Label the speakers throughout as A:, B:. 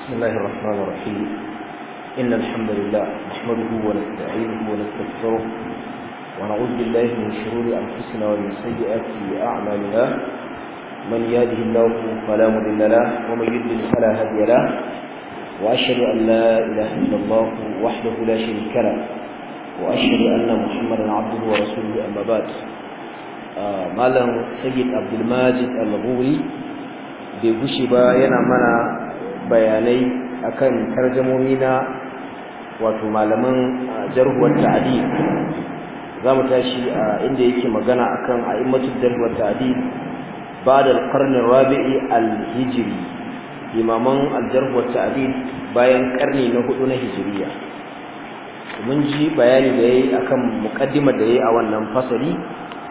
A: بسم الله الرحمن الرحيم إن الحمد لله نحمده ونستعينه ونستغفره ونعوذ بالله من شرور أنفسنا ومن سيئات أعمالنا من يهده الله فلا مضل له ومن يضلل فلا هادي له وأشهد أن لا إله إلا الله وحده لا شريك له وأشهد أن محمدا عبده ورسوله أما بعد آه مالا سيد عبد الماجد الغوري bai gushe أنا yana bayanai akan tarjamomi na wato malaman uh, jarhuwar ta'adi za mu tashi a uh, inda yake magana akan a'immatul jarhuwar ta'adil بعد القرن الرابع alhijiri, imaman aljarh wa bayan karni na hudu na hijiriya mun ji bayani da yayi akan muqaddimar da yayi a wannan fasari,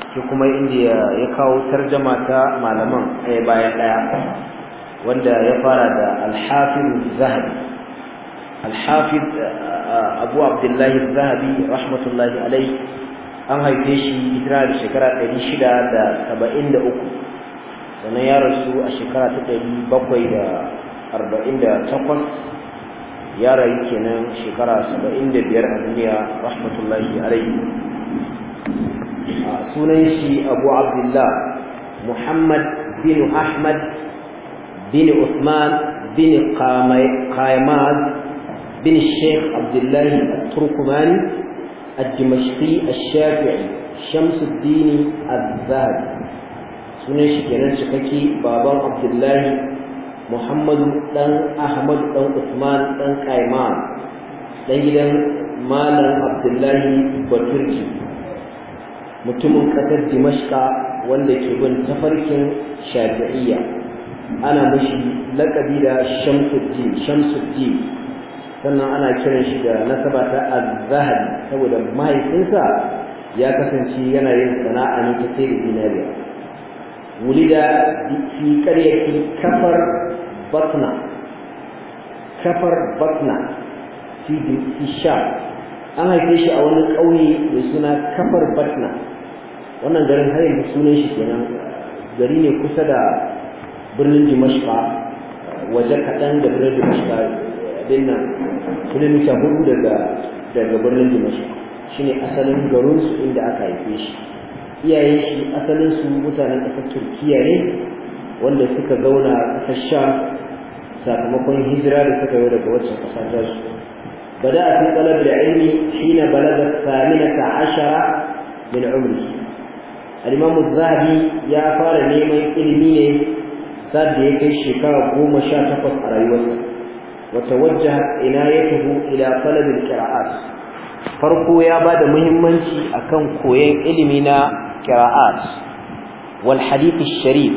A: shi kuma inda ya kawo tarjama ta malaman ɗaya eh, bayan ɗaya wanda ya fara da alhafin zahabi alhafin uh, uh, abu abdullahi zahabi rahmatullahi alai an haife shi hijira da shekara 673 sannan ya rasu a shekara ta 748 ya rayu kenan shekara 75 a duniya rahmatullahi alai uh, sunan shi abu abdullahi muhammad bin ahmad بن عثمان بن قايماد بن الشيخ عبد الله التركماني الدمشقي الشافعي شمس الدين الذهبي sunan cikaki baban abdullahi muhammadu dan ahmadu dan usman dan kaiman dan gidan malam abdullahi baturji mutumin ƙasar dimashka wanda ke bin tafarkin shafi'iyya ana mashi laƙabi da shamsuddin shamsuddin sannan ana kiran shi da nasaba ta az-zahabi saboda mahaifinsa ya kasance yana yin sana'a ne ta sayar zinariya wulida fi ƙaryakin kafar batna kafar batna fi sham an haife shi a wani ƙauye mai suna kafar batna wannan garin har yanzu sunan shi kenan gari ne kusa da birnin dimashqa waje kaɗan da birnin dimashqa abin nan kilomita hudu daga daga birnin dimashqa shine asalin garinsu inda aka haife shi Iyaye shi asalin su mutanen ƙasar turkiya ne wanda suka zauna a ƙasar sakamakon hijira da suka yi daga wacce ƙasar da su bada a fi tsalar da ilmi shine balaga saminata ashara min umri al zahabi ya fara neman ilimi ne sa'ad da ya kai shekara goma sha takwas a rayuwarsa wata wajja inayatuhu ila talabil qira'at farko ya ba da muhimmanci akan koyon ilimi na qira'at wal hadith sharif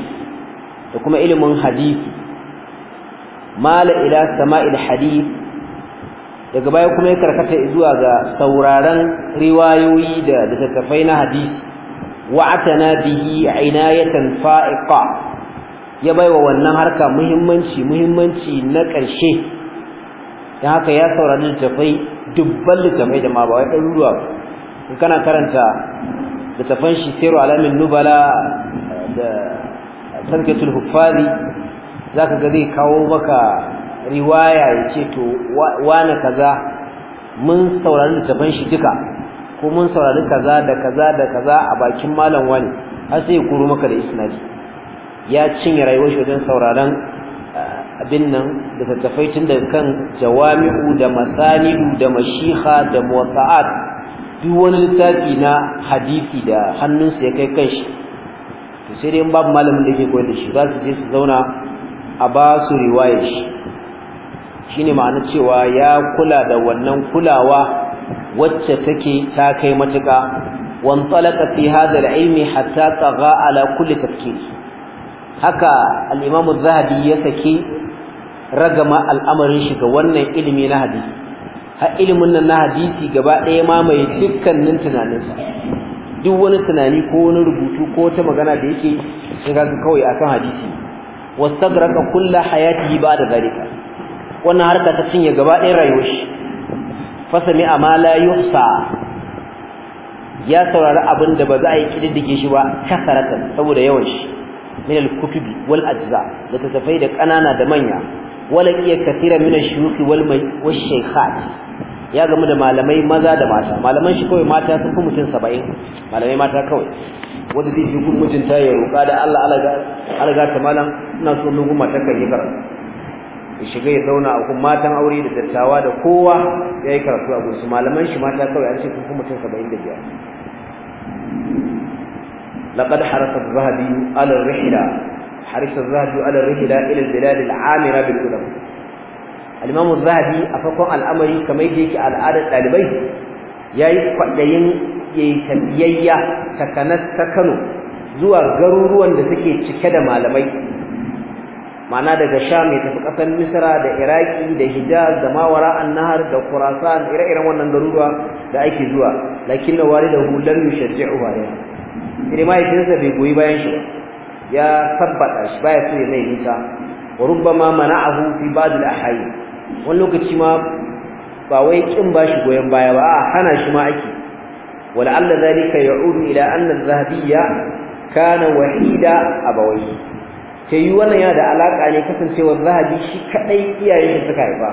A: da kuma ilimin hadisi mala ila sama'il hadith daga baya kuma ya karkata zuwa ga sauraron riwayoyi da littattafai na hadisi wa'atana bihi inayatan fa'iqa ya baiwa wannan harka muhimmanci muhimmanci na ƙarshe don haka ya saurari tafai dubban littafai da ma ba wai ɗaruruwa in kana karanta littafan shi sero alamin nubala da sarkatul huffari za ka ga zai kawo maka riwaya ya ce to wane kaza mun saurari littafan shi duka ko mun saurari kaza da kaza da kaza a bakin malam wani har sai ya kuro maka da isnadi ya cinye rayuwar shi wajen sauraron eh, abin nan da tattafai tun da kan jawami'u da masanidu da mashiha da muwatsa'at duk wani littafi na hadisi da hannunsa ya kai kanshi to sai dai babu malamin da ke koyar da shi za su je su zauna a ba su riwaye shi shine ma'ana cewa ya kula da wannan kulawa wacce take ta kai matuka? wanzalaka fi hadha al-ilmi hatta tagha ala kulli tafkir haka al-Imam ya saki ragama al'amarin shi ga wannan ilimi na hadisi Ha ilimin nan na hadisi gaba ɗaya mai dukkanin tunaninsa duk wani tunani ko wani rubutu ko wata magana da yake shiga ga kawai akan hadisi wastagraka kulla hayatihi ba'da zalika wannan harka ta cinye gaba ɗaya rayuwar shi fasami amala yuhsa ya saurari abin da ba za a yi kididdige shi ba kasaratan saboda yawan shi من الكتب والأجزاء لتتفيد قنانا da tafai da kanana da manya wala kiya kathira min ash-shuyukh wal shaykhat ya gamu da malamai maza da mata malaman shi kawai mata sun fi malamai mata kawai wanda zai ji gumujin ta ya roƙa da Allah Allah ga ta malam ina so lugu mata kan yi karatu ya shiga ya zauna a matan aure da dattawa da kowa ya karatu a gunsu malaman shi mata kawai an ce sun fi لقد حرص الذهبي على الرحلة حرص الذهبي على الرحلة إلى البلاد العامرة بالعلماء الإمام الذهبي أفقه الأمر ɗalibai yayi kwadayin yayi tabiyayya takanas ta Kano zuwa garuruwan da suke cike da malamai ma'ana daga sha mai tafi ƙasar Misra da Iraki da Hijaz da Mawara an-Nahar da Khurasan ire-iren wannan garuruwa da ake zuwa lakin walidahu lam yushajji'u alaiha ma mahaifinsa bai goyi bayan shi ya tabbata shi baya so ya mai nisa wa rubbama mana'ahu fi ba'd al ahay wani lokaci ma ba wai kin bashi goyen baya ba a hana shi ma ake wa la'alla zalika ya'udu ila anna al-zahabiyya kana wahida abawayhi sai yi wannan yana da alaka ne kasancewar zahabi shi kadai iyayen shi suka haifa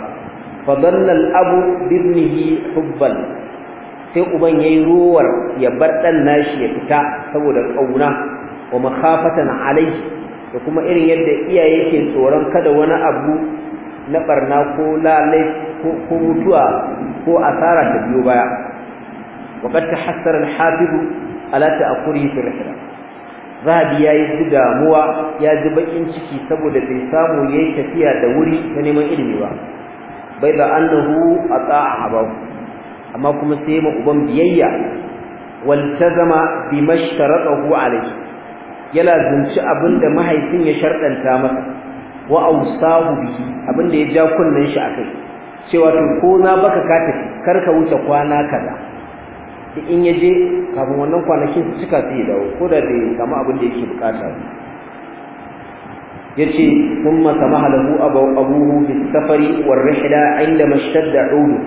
A: fa abu bi ibnihi hubban sai uban yayi ruwar ya bar dan nashi ya fita saboda kauna wa makhafatan alaihi da kuma irin yadda iyaye ke tsoron kada wani abu na barna ko lalai ko mutuwa ko asara ta biyo baya waqad tahassara al-hafiz ala ta'quri fi rihla zabi yayi damuwa ya ji bakin ciki saboda bai samu yayi tafiya da wuri ta neman ilimi ba bai da annahu ata'a habahu amma kuma sai ma uban biyayya waltazama bima shtaratahu alayhi yana zunci abinda mahaifin ya shardanta masa wa awsahu bihi abinda ya ja kunnen shi akai cewa to ko na baka ka tafi kar ka wuce kwana kaza in ya je kafin wannan kwanakin su cika su dawo ko da bai kama abin da yake bukata yace kuma samaha lahu abu abuhu bis safari war rihla inda mashtadda udu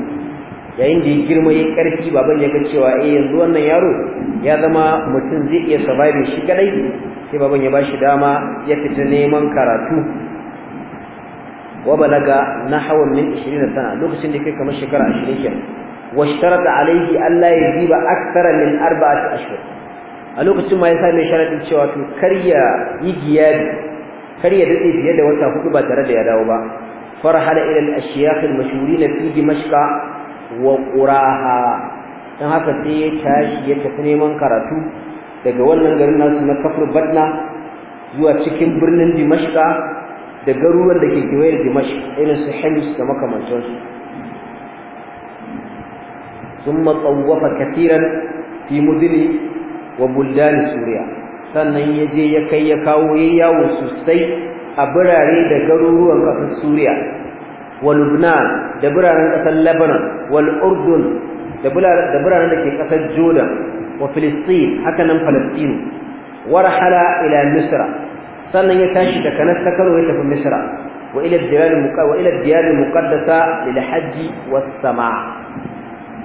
A: yayin da ya girma ya karfi baban ya ga cewa eh yanzu wannan yaro ya zama mutum zai iya survive shi kadai sai baban ya bashi dama ya fita neman karatu wa balaga nahwa min 20 sana lokacin da kai kamar shekara 20 kenan wa shtarata alayhi alla yajiba akthara min arba'ati ashhur a lokacin ma ya sa mai sharadin cewa to ya yi kar ya dade fiye da wata hudu ba tare da ya dawo ba farhala ila al ashyaq al-mashhurin fi dimashq wa quraha dan haka sai ya tashi ya tafi neman karatu daga wannan garin nasu na kafir badna zuwa cikin birnin dimashqa da garuruwan da ke kewaye da dimashq irin su hims da sun ثم katiran fi في wa وبلدان suriya sannan ya je ya kai ya kawo yawo sosai a birare da garuruwan kafin Suriya wa Lubnan da biranen ƙasar Lebanon wal Urdun da biranen da ke ƙasar Jordan wa Filistin haka nan Falastinu warhala ila Misra sannan ya tashi daga nan ta Kano ya tafi Misra wa ila diyar da ila diyar muqaddasa lil hajj was sama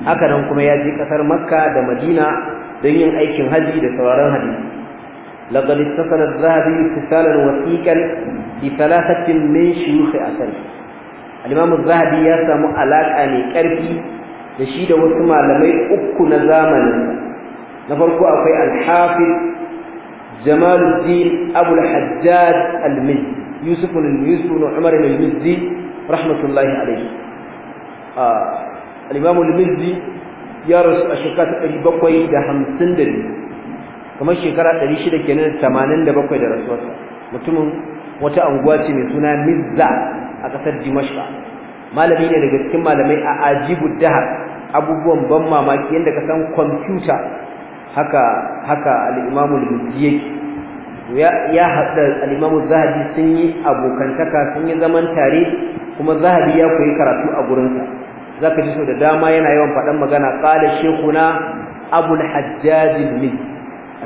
A: haka nan kuma ya je ƙasar Makka da Madina don yin aikin haji da sauraron hadisi لقد اتصل الذهبي اتصالا وثيقا بثلاثة من شيوخ أسلم al-imamu zahabi ya samu alaka ne karfi da shi da wasu malamai uku na zamanin na farko akwai al-hafiz
B: jamaluddin abul hajjaj
A: al-mizzi yusuf al-yusuf umar al-mizzi rahmatullahi alayhi ah, al-imamu al-mizzi ya rasu a shekara 752 kamar shekara 600 kenan 87 da rasuwarsa mutumin wata anguwa ce mai suna mizza a ƙasar dimashka malami ne daga cikin malamai a ajibu dahar abubuwan ban mamaki yadda ka san kwamfuta haka haka al'imamu lubuti yake ya haɗa al'imamu zahabi sun yi abokantaka sun yi zaman tare kuma zahabi ya koyi karatu a gurinsa za ka ji so da dama yana yawan faɗan magana ƙala shekuna abul hajjajin min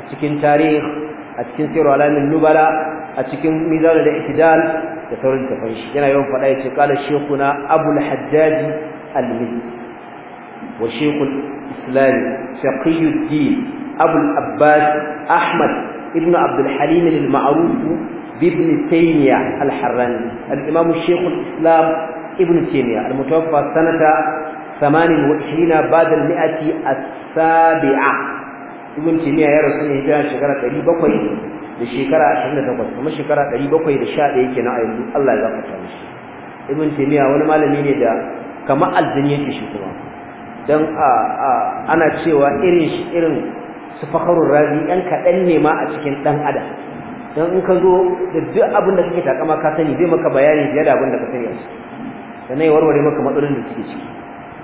A: a cikin tarihi a cikin sirru alamin nubala a cikin mizan da ihtidal da sauran tafai shi yana yawan faɗa yace qala shaykhuna abul hajjaj al-mizzi wa shaykhul islam shaqiyuddin abul abbas ahmad ibn abdul halim al-ma'ruf بابن تيمية الحراني الإمام الشيخ الإسلام ابن تيمية المتوفى سنة 28 بعد المئة السابعة ibn timiya ya rasu ne hijira shekara 700 da shekara 28 kuma shekara 711 kenan a yanzu Allah ya gafarta mishi ibn timiya wani malami ne da kamar aljini yake shi kuma dan ana cewa irin shi irin su fakharul razi yan kadan ne ma a cikin dan adam dan in ka zo da duk abin da kake takama ka sani zai maka bayani fiye da abin da ka sani a ciki sannan ya warware maka matsalolin da suke ciki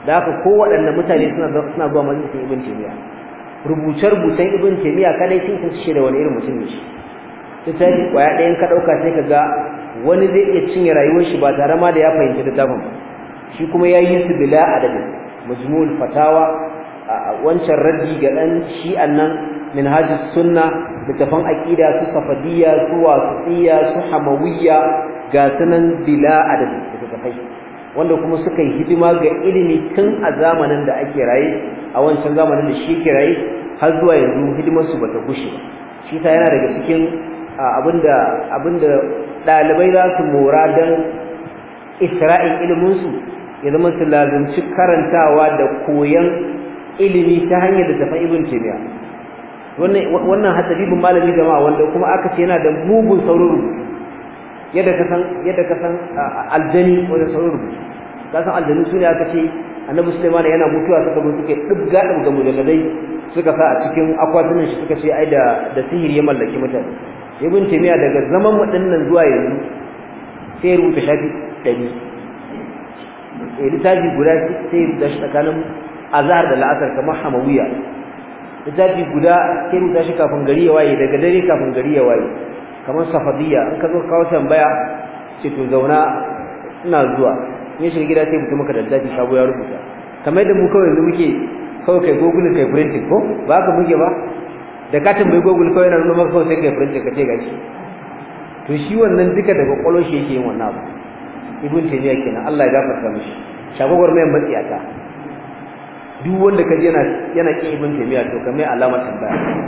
A: da haka ko mutane suna suna zuwa majalisar ibn taymiya rubuce-rubucen ibn taymiya kadai sun sun shi da wani irin mutum ne shi littafi kwaya ɗayan ka ɗauka sai ka ga wani zai iya cinye rayuwar shi ba tare ma da ya fahimci littafin ba shi kuma ya yi su bila adadin majmul fatawa wancan raddi ga ɗan shi'an nan haji sunna tafan aƙida su safadiyya su wasiya su hamawiyya ga sunan bila adadin da wanda kuma suka yi hidima ga ilimi tun a zamanin da ake raye a wancan zamanin da shi ke raye har zuwa yanzu hidimarsu ba ta gushe shi ta yana daga cikin abinda abinda ɗalibai za su mora don isra'in iliminsu ya zama su lazimci karantawa da koyon ilimi ta hanyar da tafi ibn kimiyya wannan wannan hadabibin malami jama'a wanda kuma aka ce yana da mugun saurin rubutu yadda ka san yadda ka san aljani da sauran rubutu ka san aljani sune aka ce annabi Sulaiman yana mutuwa suka zo suke dubga da mujalladai suka sa a cikin akwatunan shi suka ce ai da da sihiri ya mallaki mutane ibn taymiya daga zaman waɗannan zuwa yanzu sai rubuta shafi 100 eh littafi guda sai rubuta shi tsakanin azhar da la'asar kamar hamawiya littafi guda sai rubuta shi kafin gari ya waye daga dare kafin gari ya waye kamar safadiyya in ka zo kawo tambaya ce to zauna ina zuwa in shi gida sai mutum ka da littafi sabo ya rubuta kamar da mu kawai yanzu muke kawai kai google kai printing ko ba ka muke ba da ka tambayi google kawai na nuna maka kawai sai kai printing ka ce gashi to shi wannan duka daga kwalon shi yake yin wannan abu ibn taymiya kenan Allah ya gafarta mishi shagogwar mai ta duk wanda kaje yana yana kin ibn taymiya to kamar alama tambaya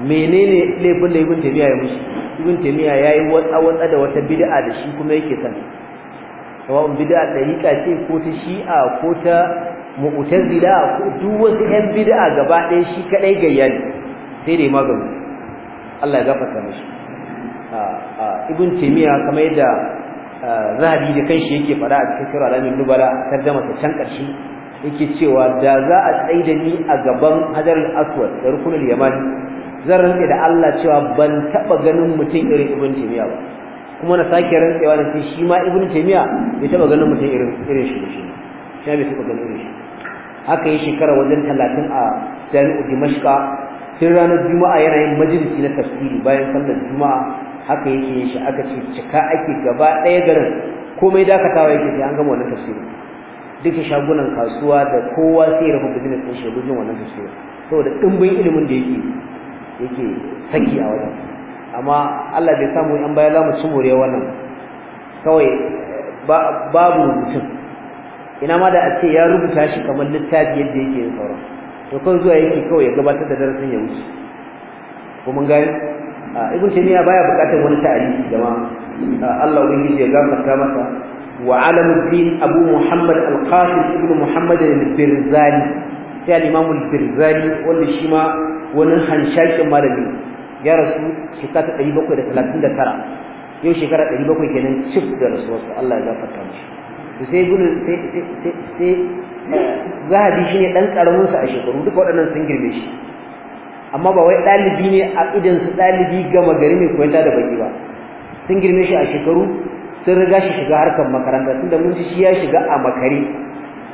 A: menene laifin da ibn taymiya ya musu ibn taymiya yayi wata wata da wata bid'a da shi kuma yake san sawa'un bid'a dariqa ce ko ta shi'a ko ta mu'tazila ko duk wasu ɗan bid'a gaba ɗaya shi kadai ne. sai dai magana Allah ya gafarta mishi ibn taymiya kamar yadda zahabi da kanshi yake fara a cikin kira alamin nubala tarjama ta can karshe yake cewa da za a tsaida ni a gaban hadar al-aswad da rukunul yamani zan rantsa da Allah cewa ban taba ganin mutum irin ibn Taymiyyah ba kuma na sake rantsewa da shi ma ibn Taymiyyah bai taba ganin mutum irin irin shi shi ya bai taba ganin irin shi haka yi shekara wajen 30 a jami'u dimashqa sai ranar juma'a yana yin majalisi na tafsiri bayan sallar juma'a haka yake yin shi aka ce cika ake gaba ɗaya garin komai dakatawa yake sai an gama wannan tafsiri duk shagunan kasuwa da kowa sai ya rufe business din shi gujin wannan tafsiri saboda dimbin ilimin da yake yake saki a wajen amma Allah bai samu yan baya lamu su more wannan kawai babu mutum ina ma da a ce ya rubuta shi kamar littafi yadda yake yin sauran to kan zuwa yake kawai ya gabatar da darasin ya wuce ko mun gani ibn taymiya baya bukatar wani ta'arifi jama'a Allah ubangiji ya gafarta masa wa alamuddin abu muhammad al-qasim ibn muhammad al-birzani sai al-imam al-birzani wanda shi ma wani hanshakin malami ya rasu shekara ɗari bakwai da talatin da tara yau shekara ɗari bakwai kenan cif da rasuwarsa Allah ya gafarta mashi to sai ibnu sai sai sai eh, zahabi shine ɗan karamin sa a shekaru duka waɗannan sun girme shi amma ba wai ɗalibi ne a idan su dalibi gama gari mai koyanta da baki ba sun girme shi a shekaru sun riga shi shiga harkar makaranta tunda mun shi ya shiga a makare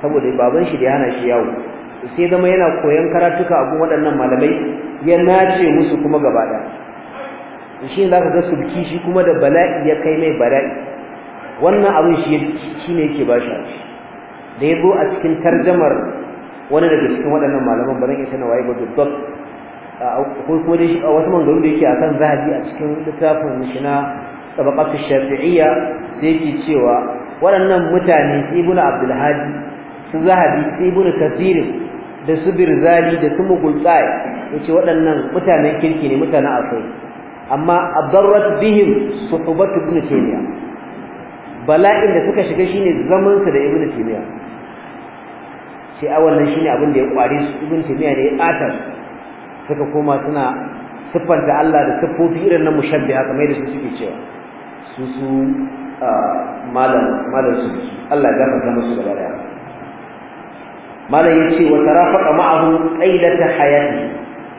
A: saboda baban shi da yana shi yawo sai zama yana koyon karatuka a waɗannan malamai ya nace musu kuma gaba ɗaya shi ne za ka ga subki shi kuma da bala'i ya kai mai bala'i wannan abin shi ne yake ba shi da ya zo a cikin tarjamar wani daga cikin waɗannan malaman ba zan iya tana waye ba dot a kuma dai wasu mangaru da yake a kan zahabi a cikin littafin shi na tabaqatu shafi'iyya sai yake cewa waɗannan mutane ibnu abdulhadi su zahabi ibnu kathir da su birzali da su Ya yace waɗannan mutanen kirki ne mutanen akwai amma adarrat bihim suhbatu ibn taymiya bala'in da suka shiga shine zaman su da ibn taymiya sai a wannan shine abin da ya kware su ibn taymiya ne ya atar suka koma suna siffanta Allah da siffofi irin na mushabbiha kamar yadda su suke cewa su su ah, malam malam su Allah ya gafarta musu gaba daya malam yace wa tarafaqa ma'ahu qailata hayati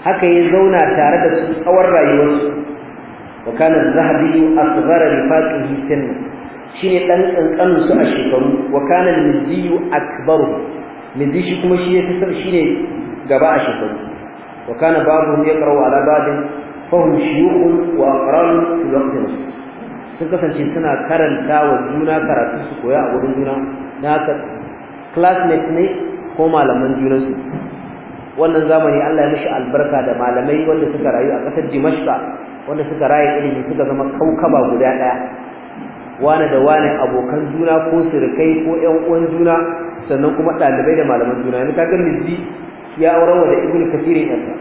A: haka ya zauna tare da su tsawon rayuwarsu wa kana az-zahabi asghara li faqihi sinna shine dan kankanin su a shekaru wa kana al-mizzi akbaru mizzi shi kuma shi ya kasar shine gaba a shekaru wa kana babu yaqra'u ala babin fahum shuyukh wa aqran fi waqtin sun kasance suna karanta wa juna karatu su koya a wurin juna na haka classmate ne ko malaman junansu wannan zamani Allah ya mishi albarka da malamai wanda suka rayu a ƙasar Dimashka wanda suka raye ilimi suka zama kaukaba guda ɗaya wane da wane abokan juna ko sirkai ko ƴan uwan juna sannan kuma ɗalibai da malaman juna yanzu kaga Mizzi ya aurawa da Ibn Kathirin ɗansa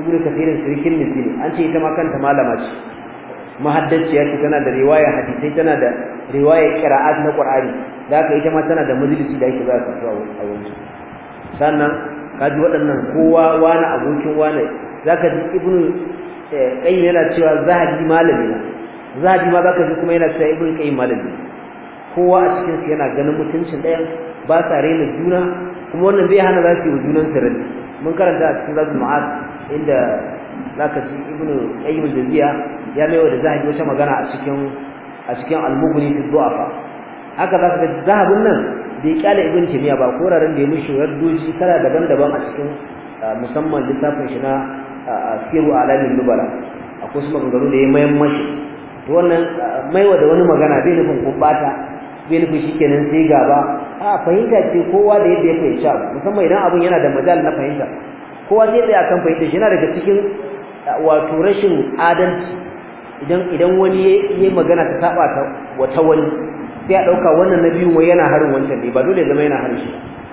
A: Ibn Kathirin sirkin Mizzi ne an ce ita ma kanta malama ce mahaddaciya ce tana da riwaya hadisai tana da riwaya qira'at na Qur'ani da haka ita ma tana da majalisi da ake za ta a wurin sannan kaji waɗannan kowa wani abokin wani zaka ji ibnu eh, qayyim yana cewa zahabi malami na zahabi ma ka ji kuma yana cewa ibnu qayyim malami kowa a cikin su yana ganin mutuncin ɗaya ba sa raina juna kuma wannan bai hana za su yi wa junan su rani mun karanta a cikin zazu ma'ad inda ka ji ibnu qayyim jaziya ya maiwa da zahabi wata magana a cikin a cikin almuguni mughni zuwa fa haka za ka ga zahabin nan bai kyale ibn kimiyya ba koraren da ya mishi doji kala daban-daban a cikin musamman littafin shi na siru alamin nubala a su maganganu da ya mayan mashi to wannan maiwa da wani magana bai nufin kubbata bai nufin nan sai gaba a fahimta ce kowa da yadda ya fahimci abu musamman idan abun yana da majal na fahimta kowa zai tsaya kan fahimta shi yana daga cikin wato rashin adalci idan idan wani ya yi magana ta saba ta wata wani sai a ɗauka wannan na biyun wai yana harin wancan ne ba dole zama yana harin shi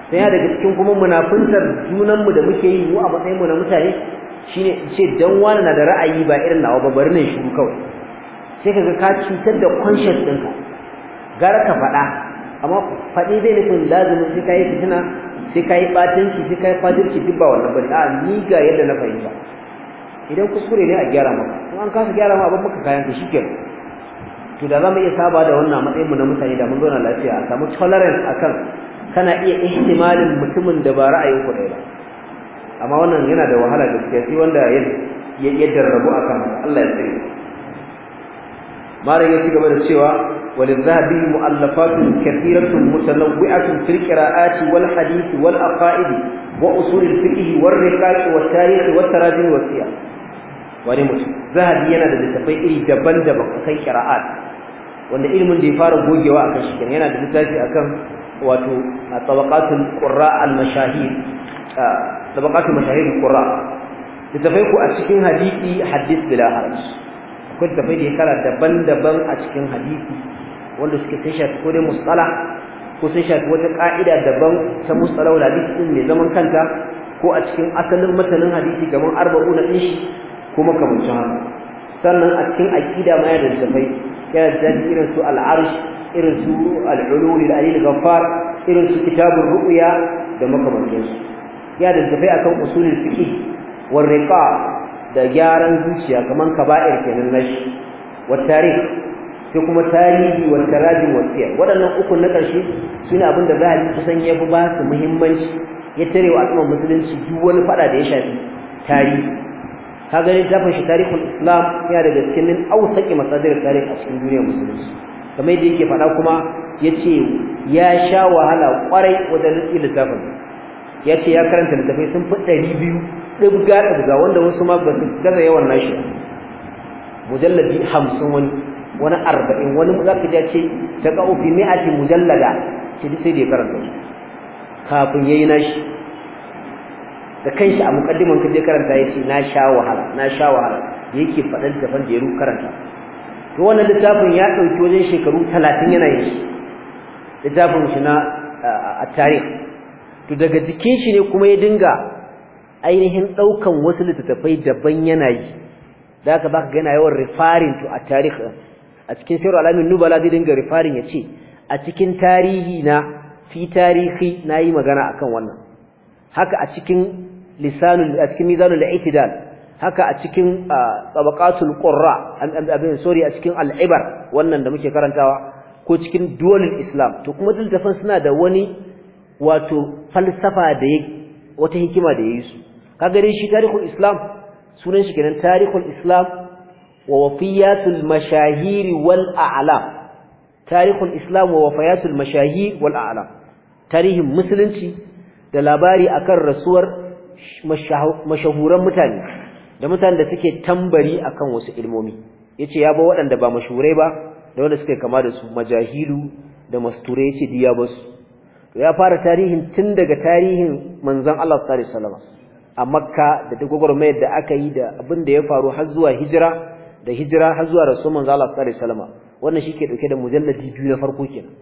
A: sai daga cikin kuma munafuntar junanmu da muke yi mu a mu na mutane shine ce dan wani na da ra'ayi ba irin nawa ba bari ne shiru kawai sai kaga ka cutar da conscience ɗinka gara ka faɗa amma faɗi zai nufin lazumin sai ka yi fitina sai ka yi sai ka yi duk ba wannan bane a ni ga yadda na fahimta idan kuskure ne a gyara maka in an kasa gyara maka abin maka kayan ka shikenan to da zamu iya saba da wannan matsayin mu na mutane da mun zo na lafiya a samu tolerance akan kana iya ihtimalin mutumin da ba ra'ayin ku daya amma wannan yana da wahala gaskiya sai wanda ya ya yaddar rabu akan Allah ya tsare mara ya ci gaba da cewa wal dhahabi mu'allafatun kathiratun mutanawwi'atun fil qira'ati wal hadith wal aqaid wa usul al fiqh wal riqaq wa tarikh wa tarajim wa siyah wani mutum zahabi yana da littafai iri daban-daban akan qira'at wanda ilimin da ya fara gogewa akan shi kenan yana da littafi akan wato a tabaqatul qurra al-mashahir tabaqatul mashahir al-qurra littafai ku a cikin hadisi hadith bila haraj akwai littafai da ya kara daban-daban a cikin hadisi wanda suke sai shafi ko dai mustalah ko sai shafi wata ƙa'ida daban ta mustalah hadisi din mai zaman kanta ko a cikin asalin matanin hadisi kamar arba'u na ɗin shi ko makamancin haka sannan a cikin aqida ma yana da tafai yana da irin su al irin su al da alil ghaffar irin su kitabun ru'ya da makamancin su ya da tafai akan usulul fiqh war riqa da gyaran zuciya kaman kaba'ir kenan nashi wa tarikh sai kuma tarihi wa tarajim wa siyar waɗannan uku na ƙarshe suna abin da za a kusan ya fi ba su muhimmanci ya tare wa al'ummar musulunci duk wani faɗa da ya shafi tarihi kaga littafin shi tarihul islam ya daga cikin au saki masadir tarihi a cikin duniya musulunci kamar yadda yake faɗa kuma yace ya sha wahala kwarai wajen rike littafin yace ya karanta littafai sun fi ɗari biyu ɗibga ɗibga wanda wasu ma ba su gaza yawan nashi mujalladi hamsin wani wani arba'in wani za ka ja ce ta ƙa'ufi mi'ati mujallada shi sai da ya karanta kafin ya yi nashi da kai shi a mukaddiman ka je karanta ya ce na sha wahala na sha wahala yake fadan daban da ya ruka karanta to wannan littafin ya ɗauki wajen shekaru talatin yana yin littafin shi na a tarih to daga jikin shi ne kuma ya dinga ainihin ɗaukan wasu littattafai daban yana yi da haka baka yana yawan referring to a tarih a cikin sirru alamin nubala zai dinga rifarin ya ce a cikin tarihi na fi tarihi na yi magana akan wannan haka a cikin lisanul a cikin mizanul i'tidal haka a cikin tabaqatul qurra abin sorry a cikin al'ibar wannan da muke karantawa ko cikin duwalul islam to kuma littafan suna da wani wato falsafa da wata hikima da yayi su kaga dai shi tarihul islam sunan shi kenan tarihul islam wa wafiyatul mashahiri wal a'lam tarihul islam wa wafayatul mashahir wal a'lam tarihin musulunci da labari akan rasuwar mashahuran mutane da mutane da suke tambari akan wasu ilmomi yace ya ba waɗanda ba mashurai ba da wanda suke kama da su majahilu da masture yace diya ya basu to ya fara tarihin tun daga tarihin manzon Allah sallallahu alaihi a Makka da duk gwagwarmayar da aka yi da abin da ya faru har zuwa hijira da hijira har zuwa rasuwar manzon Allah sallallahu alaihi wannan shi ke dauke da mujalladi biyu na farko kenan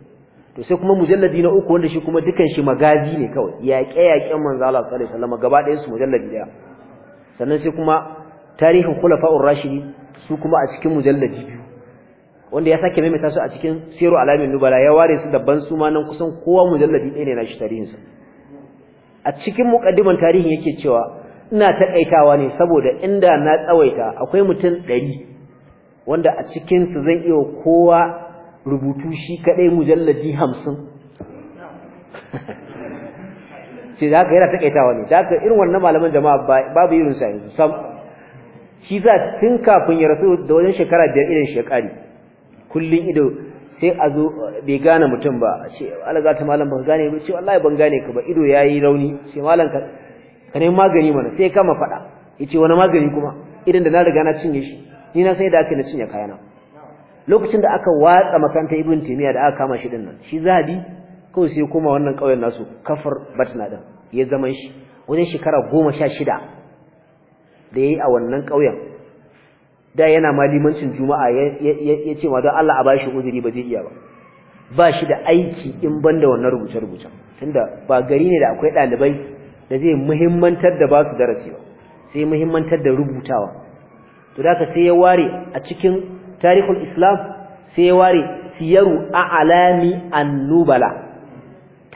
A: to sai kuma mujalladi na uku wanda shi kuma dukan shi magazi ne kawai yaƙe yaƙen manzo Allah sallallahu alaihi wasallam gaba ɗayan su mujalladi daya sannan sai kuma tarihin ar rashidi su kuma a cikin mujalladi biyu wanda ya sake maimaita su a cikin siru alamin nubala ya ware su daban su ma nan kusan kowa mujalladi ɗaya ne na shi tarihinsa a cikin muƙaddiman tarihin yake cewa ina takaitawa ne saboda inda na tsawaita akwai mutum ɗari wanda a cikin su zan iya kowa rubutu shi kadai mujalladi hamsin ce za ka yana taƙaitawa ne za ka irin wannan malaman jama'a babu irin sa yanzu sam shi za tun kafin ya rasu da wajen shekara biyar irin shekari kullum ido sai a zo bai gane mutum ba ce alaga ta malam ban gane ba ce wallahi ban gane ka ba ido yayi rauni ce malam ka ka nemi magani mana sai kama faɗa ce wani magani kuma idan da na riga na cinye shi ni na sai da ake na cinye kayana lokacin da aka watsa makanta ibn timiya da aka kama shi din nan shi zabi kawai sai koma wannan kauyen nasu kafar batna din ya zaman shi wajen shekara goma sha shida da yayi a wannan kauyen da yana ma juma'a ya ce ma don Allah a bashi uzuri ba zai iya ba ba shi da aiki in banda da wannan rubuce rubuce tunda ba gari ne da akwai ɗalibai da zai muhimmantar da ba su darasi ba sai muhimmantar da rubutawa to da sai ya ware a cikin tarihul islam sai ware siyaru a'lami annubala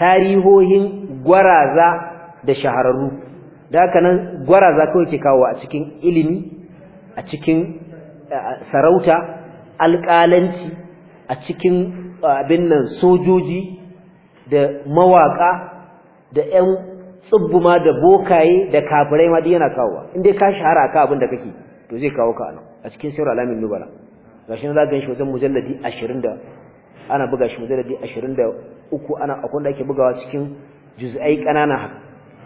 A: tarihohin gwaraza da shahararru da haka nan gwaraza kawai ke kawo a cikin ilimi a cikin sarauta alƙalanci a cikin abin nan sojoji da mawaka, da 'yan tsubbuma da bokaye da kafirai ma duk yana kawowa in dai ka shahara ka abin da kake to zai kawo ka a cikin sirr alamin nubala gashi na zagan shi wajen mujalladi 20 da ana buga shi mujalladi 23 ana akwai da ake bugawa cikin juz'ai kanana haka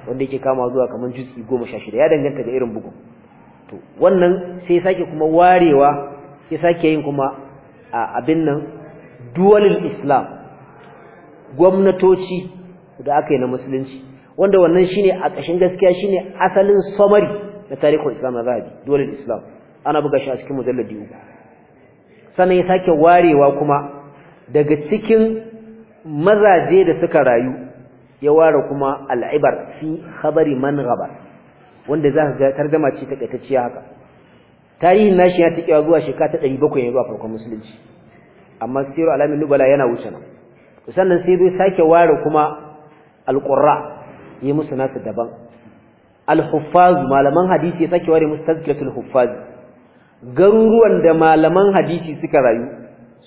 A: wanda yake kama zuwa kamar juz'i 16 ya danganta da irin bugun to wannan sai sake kuma warewa sai sake yin kuma a abin nan duwalin islam gwamnatoci da aka yi na musulunci wanda wannan shine a ƙashin gaskiya shine asalin samari na tarihin islam na zahabi duwalin islam ana buga shi a cikin mujalladi uku sannan ya sake warewa kuma daga cikin mazaje da suka rayu ya ware kuma al'ibar fi khabari man ghabar wanda za ka ga tarjama ce ta kaitacciya haka tarihin nashi ya tikewa zuwa shekara ta 700 ya zuwa farkon musulunci amma siru alamin nubala yana wuce nan sannan sai zai sake ware kuma alqurra yi musu nasu daban al malaman hadisi ya sake ware musu tazkiyatul huffaz garuruwan da malaman hadisi suka rayu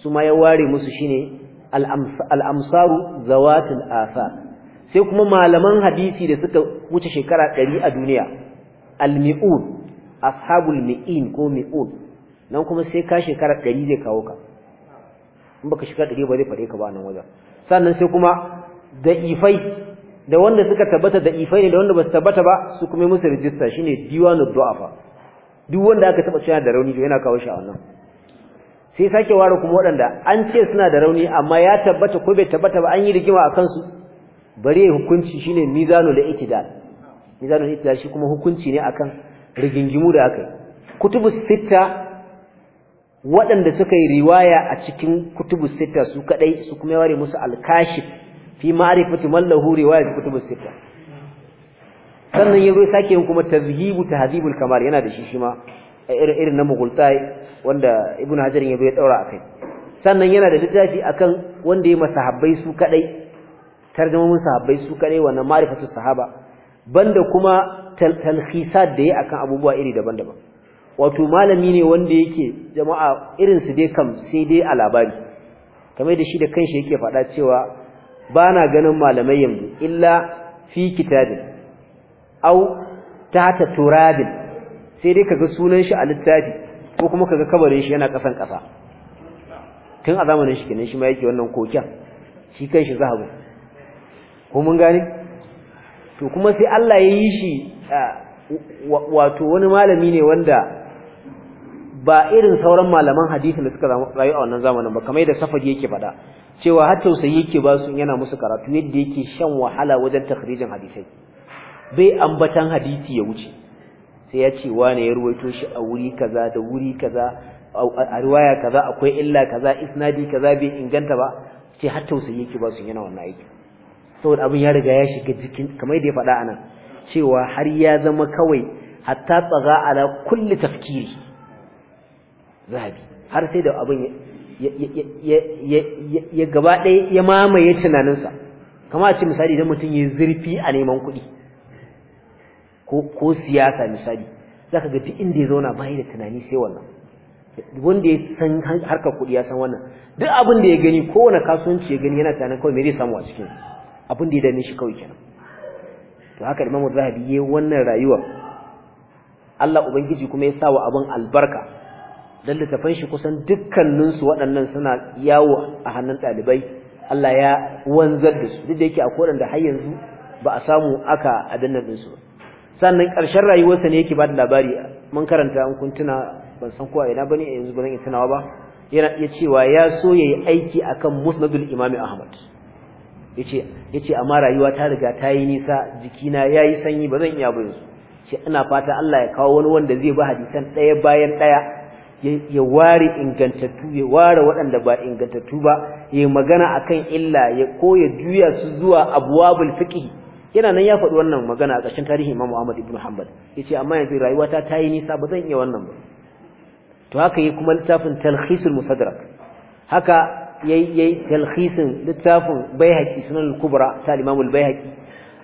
A: su ma ya ware musu shine al-amsaru zawatul athar sai kuma malaman hadisi da suka wuce shekara 100 a duniya al-mi'un ashabul mi'in ko mi'un nan kuma sai ka shekara 100 zai kawo ka in baka shekara ɗari ba zai fade ka ba nan wajen sannan sai kuma da'ifai da wanda suka tabbata da'ifai ne da wanda ba su tabbata ba su kuma musu rijista shine diwanu du'afa duk wanda aka taba cewa da rauni to yana kawo shi a wannan sai sake ware kuma wadanda an ce suna da rauni amma ya tabbata ko bai tabbata ba an yi rigima a kansu bare hukunci shine mizanu da itidal mizanu da itidal shi kuma hukunci ne akan rigingimu da aka yi kutubu sita wadanda suka yi riwaya a cikin kutubu sita su kadai su kuma ware musu alkashif fi ma'rifati mallahu riwayat kutubu sita sannan yazo bai sake yin kuma tazhibu tahdhibul kamal yana da shi shi ma irin na mughultai wanda ibnu hajar yabo ya daura akai sannan yana da littafi akan wanda ya masahabbai su kadai tarjumomin sahabbai su kadai wannan ma'rifatu sahaba banda kuma talkhisat da ya akan abubuwa iri daban-daban wato malami ne wanda yake jama'a irin su dai kam sai dai a labari kamar da shi da kanshi yake faɗa cewa bana ganin malamai yanzu illa fi kitabin au tahta turabin sai dai kaga sunan shi a littafi ko kuma kaga kabarin shi yana kasan kasa tun a zamanin shi kenan shi ma yake wannan koken shi kan shi zahabu ko mun gane to kuma sai Allah ya yi shi wato wani malami ne wanda ba irin sauran malaman hadisi da suka rayu a wannan zamanin ba kamar da safadi yake faɗa cewa har tausayi yake ba su yana musu karatu yadda yake shan wahala wajen takhrijin hadisai bai ambatan hadisi ya wuce sai ya ce wane ya ruwaito shi a wuri kaza da wuri kaza a riwaya kaza akwai illa kaza isnadi kaza bai inganta ba ce har tausayi yake ba su yana wannan aiki saboda abin ya riga ya shiga jikin kamar yadda ya faɗa anan cewa har ya zama kawai hatta tsaga ala kulli tafkiri zahabi har sai da abin ya gaba ɗaya ya mamaye tunaninsa kamar a ce misali idan mutum ya zurfi a neman kuɗi ko ko siyasa misali zaka ga duk inda ya zauna bai da tunani sai wannan wanda ya san harkar kuɗi ya san wannan duk abin da ya gani kowane kasuwanci ya gani yana tana kawai me zai samu a cikin abin da ya dame shi kawai kenan to haka Imam Zahabi yayi wannan rayuwa Allah ubangiji kuma ya sawa abin albarka dan littafan shi kusan dukkanin su waɗannan suna yawo a hannun ɗalibai Allah ya wanzar da su duk da yake akwai wanda har yanzu ba a samu aka abin dinsu ba sannan ƙarshen rayuwarsa ne yake ba da labari mun karanta an kun tuna ban san ko ina bane yanzu ba zan iya tunawa ba yana iya cewa ya so yayi aiki akan musnadul imami ahmad yace yace amma rayuwa ta riga ta yi nisa jikina yayi sanyi ba zan iya ba yanzu ce ina fata Allah ya kawo wani wanda zai ba hadisan ɗaya bayan ɗaya ya ware ingantattu ya ware waɗanda ba ingantattu ba ya magana akan illa ya koya juya su zuwa abwabul fiqh yana nan ya faɗi wannan magana a ƙarshen tarihi Imam Ahmad ibn Hanbal yace amma yanzu rayuwata ta yi nisa ba zan iya wannan ba to haka yi kuma littafin Talkhisul Musaddarak haka yayi talkhisin littafin Baihaqi Sunan al-Kubra ta Imam al-Baihaqi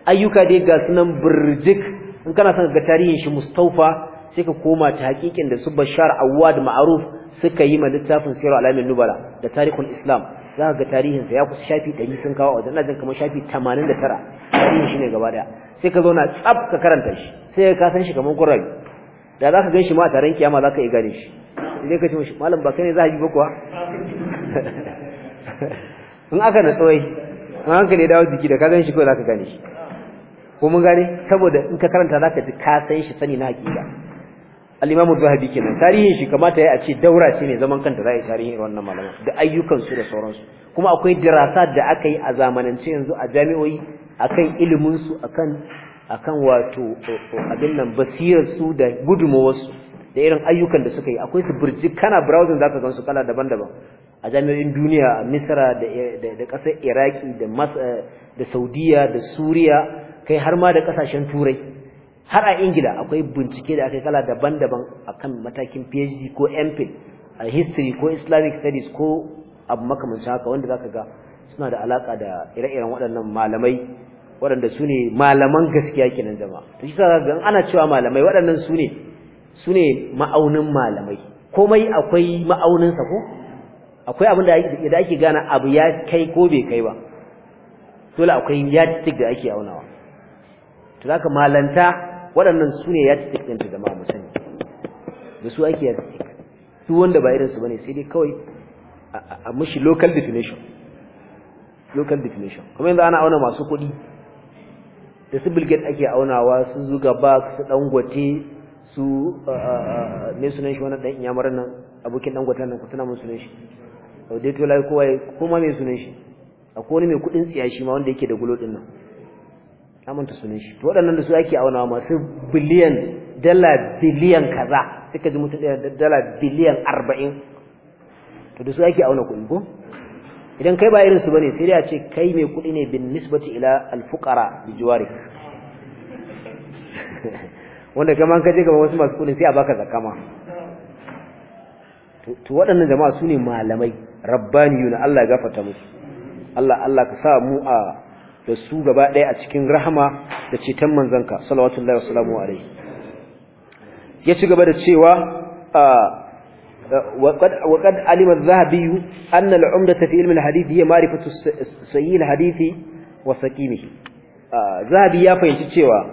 A: ayyuka dai ga sunan burjik in kana son ga tarihin shi Mustafa sai ka koma ta hakikin da su Bashar Awad Ma'ruf suka yi ma littafin Sirru Alamin Nubala da tarihin Islam za ka ga tarihinsa ya kusa shafi 100 sun kawo a wajen kamar shafi 89 tarihin shi ne gaba daya sai ka zo na tsaf ka karanta shi sai ka san shi kamar kurabi da za ka gan shi ma a taron kiyama za ka iya gane shi idan ka ce mishi malam ba kai ne za a yi ba kuwa in aka na tsawai in hankali ya dawo jiki da ka gan shi kawai za ka gane shi ko mun gane saboda in ka karanta za ka ji ka san shi sani na hakika al-imam az-zahabi kenan tarihin shi kamata yayi a ce daura shi ne zaman kanta za a yi tarihin wannan malama da ayyukan su da sauransu kuma akwai dirasa da aka yi a zamanance yanzu a jami'oyi. akan ilimin su akan akan wato abin nan basirar su da gudumawar su da irin ayyukan da suka yi akwai su burji kana browsing zaka gansu kala daban-daban a jami'in duniya a Misra da da kasar Iraki da eh, da Saudiya da Suriya kai har ma da kasashen Turai har a Ingila akwai bincike da akai kala daban-daban akan matakin PhD ko MPhil a history ko Islamic studies ko abu makamancin haka wanda zaka ga suna da alaka da ire-iren waɗannan malamai waɗanda su ne malaman gaskiya kenan jama'a to shi sa ga ana cewa malamai waɗannan su ne su ne ma'aunin malamai komai akwai sa ko akwai abin da ake gane abu ya kai ko bai kai ba dole akwai yardstick da ake aunawa to zaka malanta waɗannan su ne yardstick ɗin da jama'a mu da su ake yardstick duk wanda ba irin su bane sai dai kawai a mushi local definition local definition kuma yanzu ana auna masu kuɗi da su bilget ake aunawa su zuga ba su dangote su ne uh, uh, uh, sunan shi wani dan iyamar nan abokin dangote nan ku tana mun sunan shi to lai kowa kuma mai sunan shi akwai wani mai kuɗin tsiya shi ma wanda yake da gulo din nan amanta sunan shi to waɗannan da su ake aunawa masu biliyan dala biliyan kaza suka ji mutum dala biliyan arba'in to da su ake auna kuɗi ko idan kai ba irin su bane sai dai a ce kai mai kuɗi ne bin nisbati ila alfuqara bi juwari. wanda kaman kaje je gaba wasu masu kuɗi sai a baka zakama to waɗannan jama'a su ne malamai rabbaniyuna Allah ya gafarta musu Allah Allah ka sa mu a da su gaba ɗaya a cikin rahama da ceton manzanka sallallahu alaihi wasallam ya ci gaba da cewa وقد وقد علم الذهبي أن العمدة في علم الحديث هي معرفة صحيح الحديث وسقيمه ذهبي ya fahimci cewa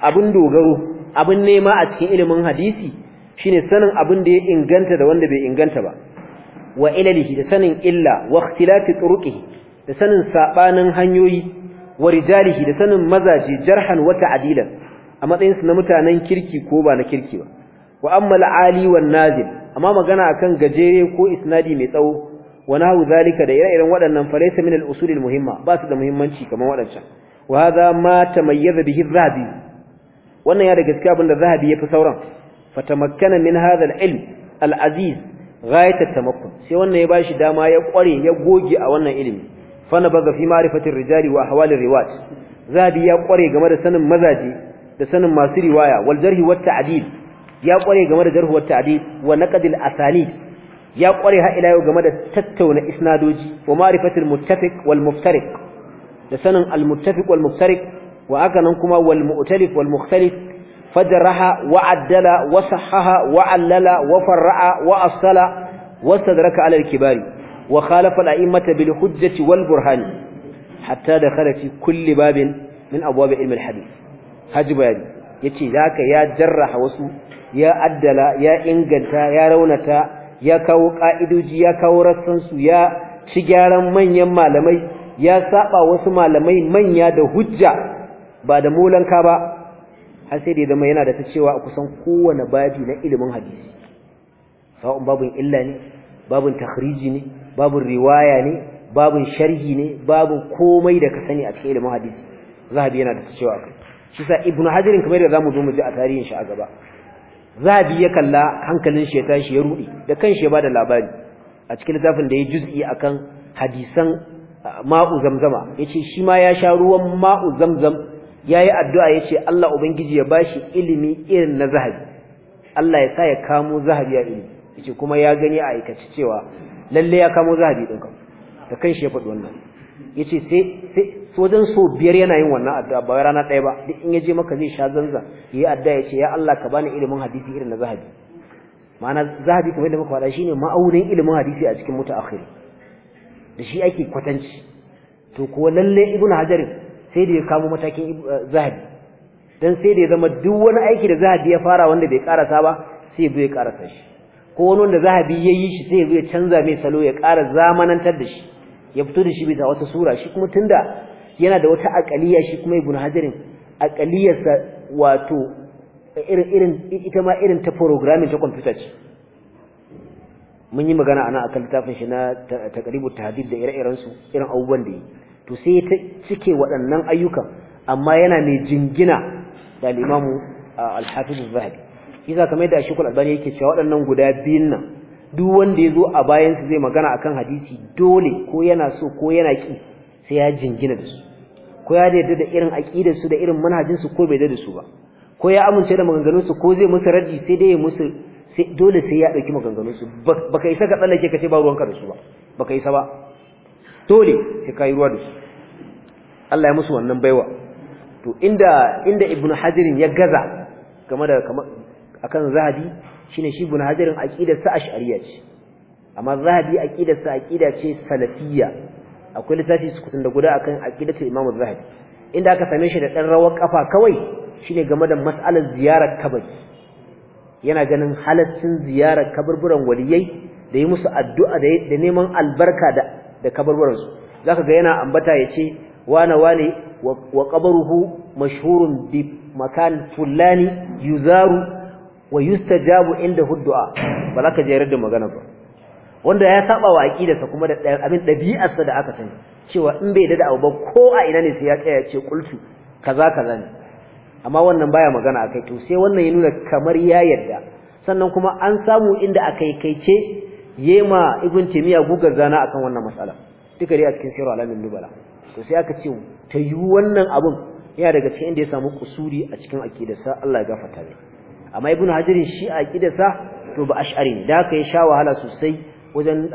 A: abin dogaro abin nema a cikin ilimin hadisi shine sanin abin da ya inganta da wanda bai inganta ba wa ilalihi da sanin illa wa ikhtilati turuqihi da sanin sabanin hanyoyi wa rijalihi da sanin mazaje, jarhan wata ta'dilan a matsayinsu na mutanen kirki ko ba na kirki ba wa amma al-ali wan nazil amma magana akan gajere ko isnadi mai tsawo wa nahu zalika da ire-iren waɗannan falaysa min al muhimma ba su da muhimmanci kamar waɗancan wa hadha ma tamayyaza bihi zahabi wannan ya da gaskiya abinda zahabi fi sauran fatamakkana min hadha al-ilm al-aziz ghayat at-tamakkun sai wannan ya bashi dama ya kware ya goge a wannan ilimi fana baga fi ma'rifati ar-rijali wa riwat zahabi ya kware game da sanin mazaje da sanin masu riwaya wal jarhi wat ta'dil ya kware game da darhuwar ta'dil wa naqdil asanid ya kware ha ila yau game da tattauna isnadoji wa ma'rifatil muttafiq wal muftariq da sanin al muttafiq wal muftariq wa aka nan kuma wal mu'talif wal mukhtalif fajraha wa addala wa sahhaha wa allala wa farra'a wa asala wa sadraka ala al kibari wa khalafa al a'immata bil hujjati wal burhani hatta dakhala fi kulli babin min abwab ilm al hadith haji bayani yace zaka ya jarraha wasu ya addala ya inganta ya raunata ya kawo ka'idoji ya kawo rassansu ya ci gyaran manyan malamai ya saba wasu malamai manya da hujja ba da molanka ba har sai da zama yana da ta cewa a kusan kowane babi na ilimin hadisi sawa'un babin illa ne babin takhriji ne babin riwaya ne babin sharhi ne babin komai da ka sani a cikin ilimin hadisi zahabi yana da ta cewa shi sa ibnu hajarin kamar da zamu zo mu ji a tarihin shi a gaba zabi ya kalla hankalin shi ya tashi ya rudi da kanshi ya da labari a cikin littafin da ya juz'i akan hadisan ma'u zamzama yace shi ma ya sha ruwan ma'u zamzam yayi addu'a yace Allah ubangiji ya bashi ilimi irin na zahabi Allah ya sa ya kamo zahabi ya ilimi yace kuma ya gani a aikace cewa lalle ya kamo zahabi din ka da kanshi ya faɗi wannan Ya ce sai wajen so biyar yana yin wannan addu'a ba rana ɗaya ba duk in yaje maka zai sha zanza yayi addu'a yace ya Allah ka bani ilimin hadisi irin na zahabi ma'ana zahabi kamar da muka faɗa shine ma'aunin ilimin hadisi a cikin mutaakhir da shi ake kwatanci to ko lalle ibnu hajar sai da ya kamo matakin eh, zahabi dan sai da ya zama duk wani aiki da zahabi ya fara wanda bai karasa ba sai ya bai karasa shi ko wani wanda zahabi yayi shi sai ya canza mai salo ya kara zamanantar da shi ya fito da shi bisa wata sura shi kuma tunda yana da wata aqaliya shi kuma ibn hajarin aqaliyarsa wato irin irin ita ma irin ta programming ta computer ce mun yi magana ana akan littafin shi na taqribut tahdid da ire-iren su irin abubuwan da yi to sai ya cike waɗannan ayyukan amma yana mai jingina da al imamu al-Hafiz az-Zahabi kiza kamar yadda Sheikhul Albani yake cewa waɗannan guda biyun nan duk wanda ya zo a bayansu zai magana akan hadisi dole ko yana so ko yana ki sai ya jingina da su ko ya yarda da irin aqidar su da irin manhajin su ko bai da su ba ko ya amince da maganganun su ko zai musu raddi sai dai ya musu sai dole sai ya dauki maganganun su baka isa ka tsallake ka ce ba ruwanka da su ba baka isa ba dole sai kai ruwa da su Allah ya musu wannan baiwa to inda inda Ibn Hadirin ya gaza game da akan Zahadi. shine shi ibn hajarin aqidar sa ash'ariyya ce amma zahabi aqidar aqida ce salafiyya akwai littafi sukutun da guda akan aqidatul imam zahabi inda aka same shi da ɗan rawar kafa kawai shine game da matsalar ziyarar kabari yana ganin halaccin ziyarar kaburburan waliyai da yi musu addu'a da neman albarka da da zaka ga yana ambata yace wana wane wa qabruhu mashhurun bi makan fulani yuzaru wa yustajabu inda huddu'a ba za ka je da magana ba wanda ya saba wa aqidarsa kuma da abin dabi'arsa da aka sani cewa in bai da abu ba ko a ina ne sai ya tsaya ce kultu kaza kaza ne amma wannan baya magana akai to sai wannan ya nuna kamar ya yarda sannan kuma an samu inda aka akai kaice yema ibn timiya gugar zana akan wannan mas'ala duka dai a cikin sirru alamin nubala to sai aka ce ta yi wannan abun yana daga cikin inda ya samu kusuri a cikin aqidarsa Allah ya gafarta mai amma ibnu hajarin shi a kidasa to ba ash'ari ne da ya sha wahala sosai wajen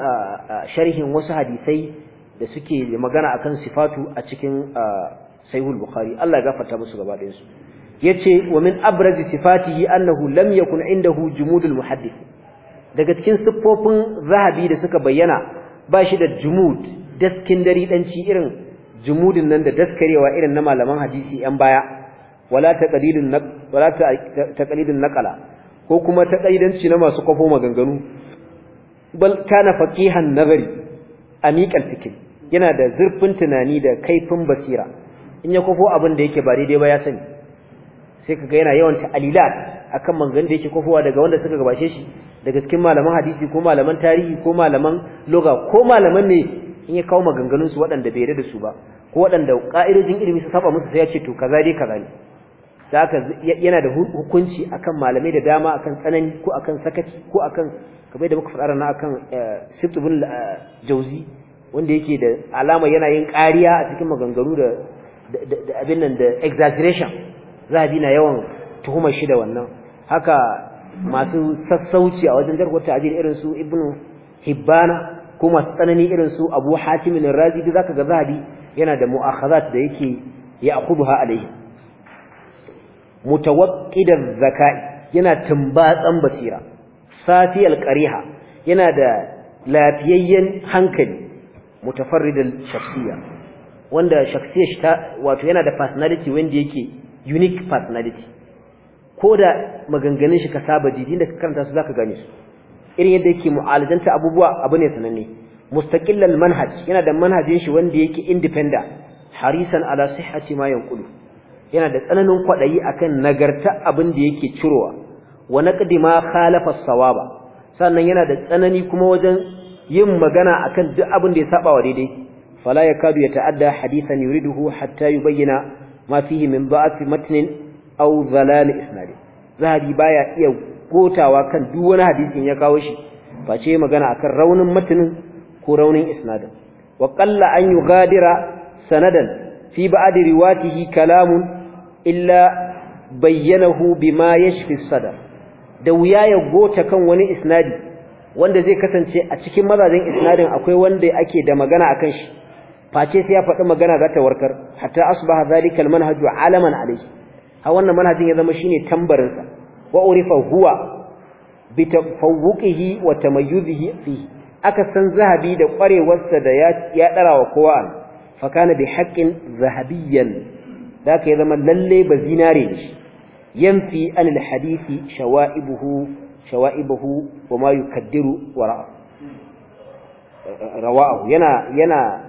A: sharhin wasu hadisai da suke magana akan sifatu a cikin sahihul bukhari Allah ya gafarta musu gaba ɗayan su yace wa min abrazi sifatihi annahu lam yakun indahu jumudul muhaddith daga cikin siffofin zahabi da suka bayyana ba shi da jumud daskin dari danci irin jumudin nan da daskarewa irin na malaman hadisi yan baya wala taqdilun wala taqlidin naqala ko kuma taqlidanci na masu kafo maganganu bal kana faqihan nazari amiqal fikr yana da zurfin tunani da kaifin basira in ya kafo abin da yake ba daidai ba ya sani sai kaga yana yawan ta'alilat akan maganganun da yake kafowa daga wanda suka gabashe shi daga cikin malaman hadisi ko malaman tarihi ko malaman loga ko malaman ne in ya kawo maganganun su waɗanda bai yarda da su ba ko waɗanda ka'idojin ilimi su saba musu sai ya ce to kaza dai kaza ne yana da hukunci akan malamai da dama akan tsanani ko akan sakaci ko akan kamar da muka faɗa na akan eh, Sibt eh, Jauzi wanda yake da alama yana yin ƙariya a cikin maganganu da da abin nan da exaggeration a na yawan tuhumar shi da wannan haka masu sassauci a wajen jarhuwar ta'adil irin su Ibn Hibbana ko masu tsanani irin su Abu Hatim al-Razi da zaka ga zahabi yana da mu'akhazat da yake ya ha alaihi mutawaqqidaz zaka'i yana tumbatsan basira safiyar qariha yana da lafiyayyen hankali mutafarridal shakhsiyya wanda shakhsiyar shi ta wato yana da personality wanda yake unique personality ko da maganganun shi ka saba jidin da ka karanta su zaka gane su irin yadda yake mu'alijanta abubuwa abu ne sananne mustaqillal manhaj yana da manhajin shi wanda yake independent harisan ala sihhati ma yanqulu yana da tsananin kwaɗayi akan nagarta abin da yake cirowa wa naqdi ma sawaba sannan yana da tsanani kuma wajen yin magana akan duk abin da ya saba wa daidai fala yakadu yata'adda hadithan yuriduhu hatta yubayyana ma fihi min ba'th matnin aw dhalal isnad zahabi baya iya gotawa kan duk wani hadisin ya kawo shi face magana akan raunin matnin ko raunin isnadin wa qalla an yughadira sanadan fi ba'd riwatihi kalamun illa bayyanahu bima yashfi sadar da wuya ya gota kan wani isnadi wanda zai kasance a cikin mazajen isnadin akwai wanda ake da magana akan shi face sai ya faɗi magana za ta warkar hatta asbaha zalika a alaman alayhi ha wannan manhajin ya zama shine tambarin sa wa urifa huwa bi tafawuqihi wa tamayyuzihi fi aka san zahabi da kwarewarsa da ya darawa kowa fa kana bi haqqin zahabiyyan da ka ya zama lalle ba zinare ne yanfi anil hadisi shawa'ibuhu shawa'ibuhu wa ma yukaddiru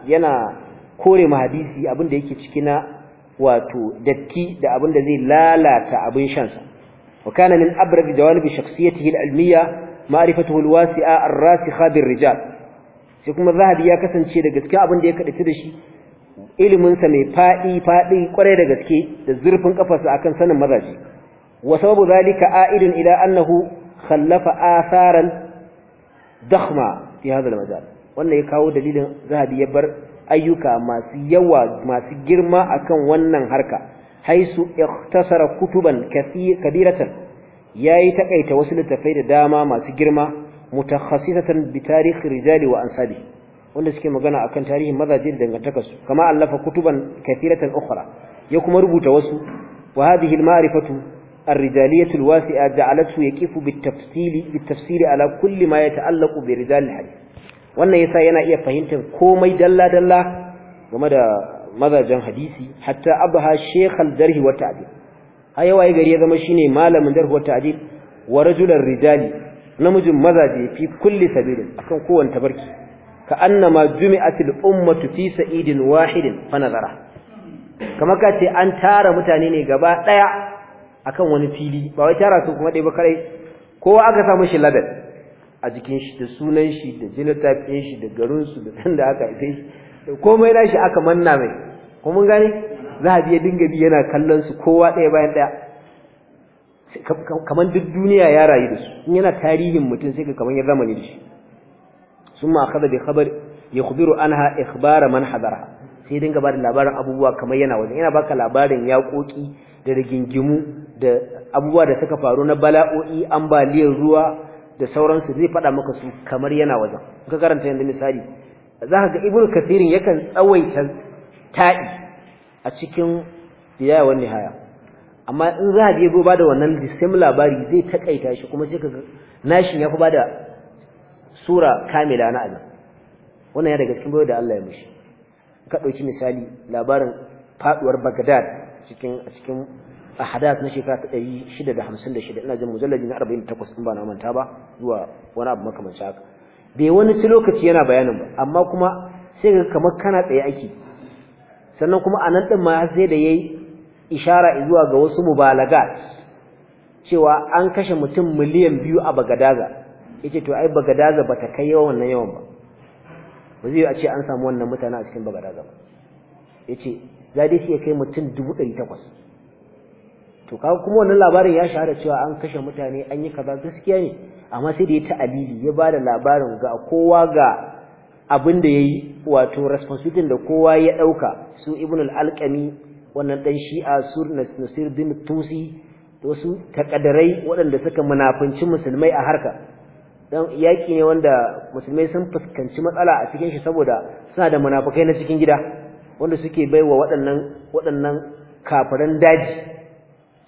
A: yana kore ma hadisi yake ciki na wato datti da abinda zai lalata abin shansa wa kana min abrad jawanib shakhsiyatihi al-ilmiyya ma'rifatuhu al-wasi'a ar-rasikha bir-rijal sai kuma zahabi ya kasance daga cikin abinda ya kadace da shi iliminsa mai faɗi faɗi kwarai da gaske da zurfin kafarsa akan sanin mazaji wa sababu zalika a'idun ila annahu khallafa atharan dakhma fi hadha al-majal wannan ya kawo dalilin zahabi ya bar ayyuka masu yawa masu girma akan wannan harka haisu ikhtasara kutuban kabiratan yayi takaita wasu littafai da dama masu girma mutakhassisatan bi tarikh rijali wa ansabi wanda suke magana akan tarihin mazaje da dangantakarsu kama allafa kutuban kathiratan ukhra ya kuma rubuta wasu wa hadhihi al-ma'rifatu الرجالية alatu ya يكيف بالتفصيل بالتفسير على كل ما يتعلق برجال الحديث wannan yasa yana iya fahimtar komai dalla dalla game da mazajen hadisi hatta abaha shaykh al-jarh wa ta'dil ayawa gari ya zama shine malamin jarh wa ta'dil wa rajulur rijali namijin mazaje fi kulli sabilin akan kowanne tabarki ka annama jumi'atil ummatu fi sa'idin wahidin fa nazara kamar ka ce an tara mutane ne gaba daya akan wani fili ba wai tara su kuma dai ba kai kowa aka sa mishi ladan, a jikin shi da sunan shi da genotype ɗin shi da garin su da san da aka yi komai da shi aka manna mai ko mun gane a ya dinga bi yana kallon su kowa daya bayan daya kamar duk duniya ya rayu da su in yana tarihin mutum sai ka kamar ya zamani da shi ثم أخذ بخبر يخبر عنها إخبار من حضرها sai dinga bada labarin abubuwa kamar yana wajen yana baka labarin yaƙoƙi da rigingimu da abubuwa da suka faru na bala'o'i ambaliyar ruwa da sauransu zai faɗa maka su kamar yana wajen ka karanta yanzu misali za ka ga ibnu kathirin yakan tsawaita ta'i a cikin bidaya wan nihaya amma in za ka je ba da wannan the labari zai takaita shi kuma sai ka nashin ya fi bada sura kamila na azan wannan ya daga cikin bayo da Allah ya mishi ka dauki misali labarin faduwar Baghdad cikin a cikin ahadath na shekara ta 656 ina jin mujalladi na 48 in ba na manta ba zuwa wani abu makamancin haka bai wani ci lokaci yana bayanin ba amma kuma sai ga kamar kana tsaye ake sannan kuma a nan din ma sai da yayi ishara zuwa ga wasu mubalagat cewa an kashe mutum miliyan biyu a Bagadaza yace to ai bagadaza bata kai yawan nan yawan ba ba zai a ce an samu wannan mutane a cikin bagadaza ba yace za dai ya kai mutum 1800 to kaga kuma wannan labarin ya shahara cewa an kashe mutane an yi kaza gaskiya ne amma sai da ya ta alili ya bada labarin ga kowa ga abin da yayi wato responsibility da kowa ya dauka su ibn al-alqami wannan dan shi'a sur nasir bin tusi da wasu takadarai waɗanda suka munafunci musulmai a harka dan yaki ne wanda musulmai sun fuskanci matsala a cikin shi saboda suna da munafikai na cikin gida wanda suke baiwa waɗannan waɗannan kafiran daji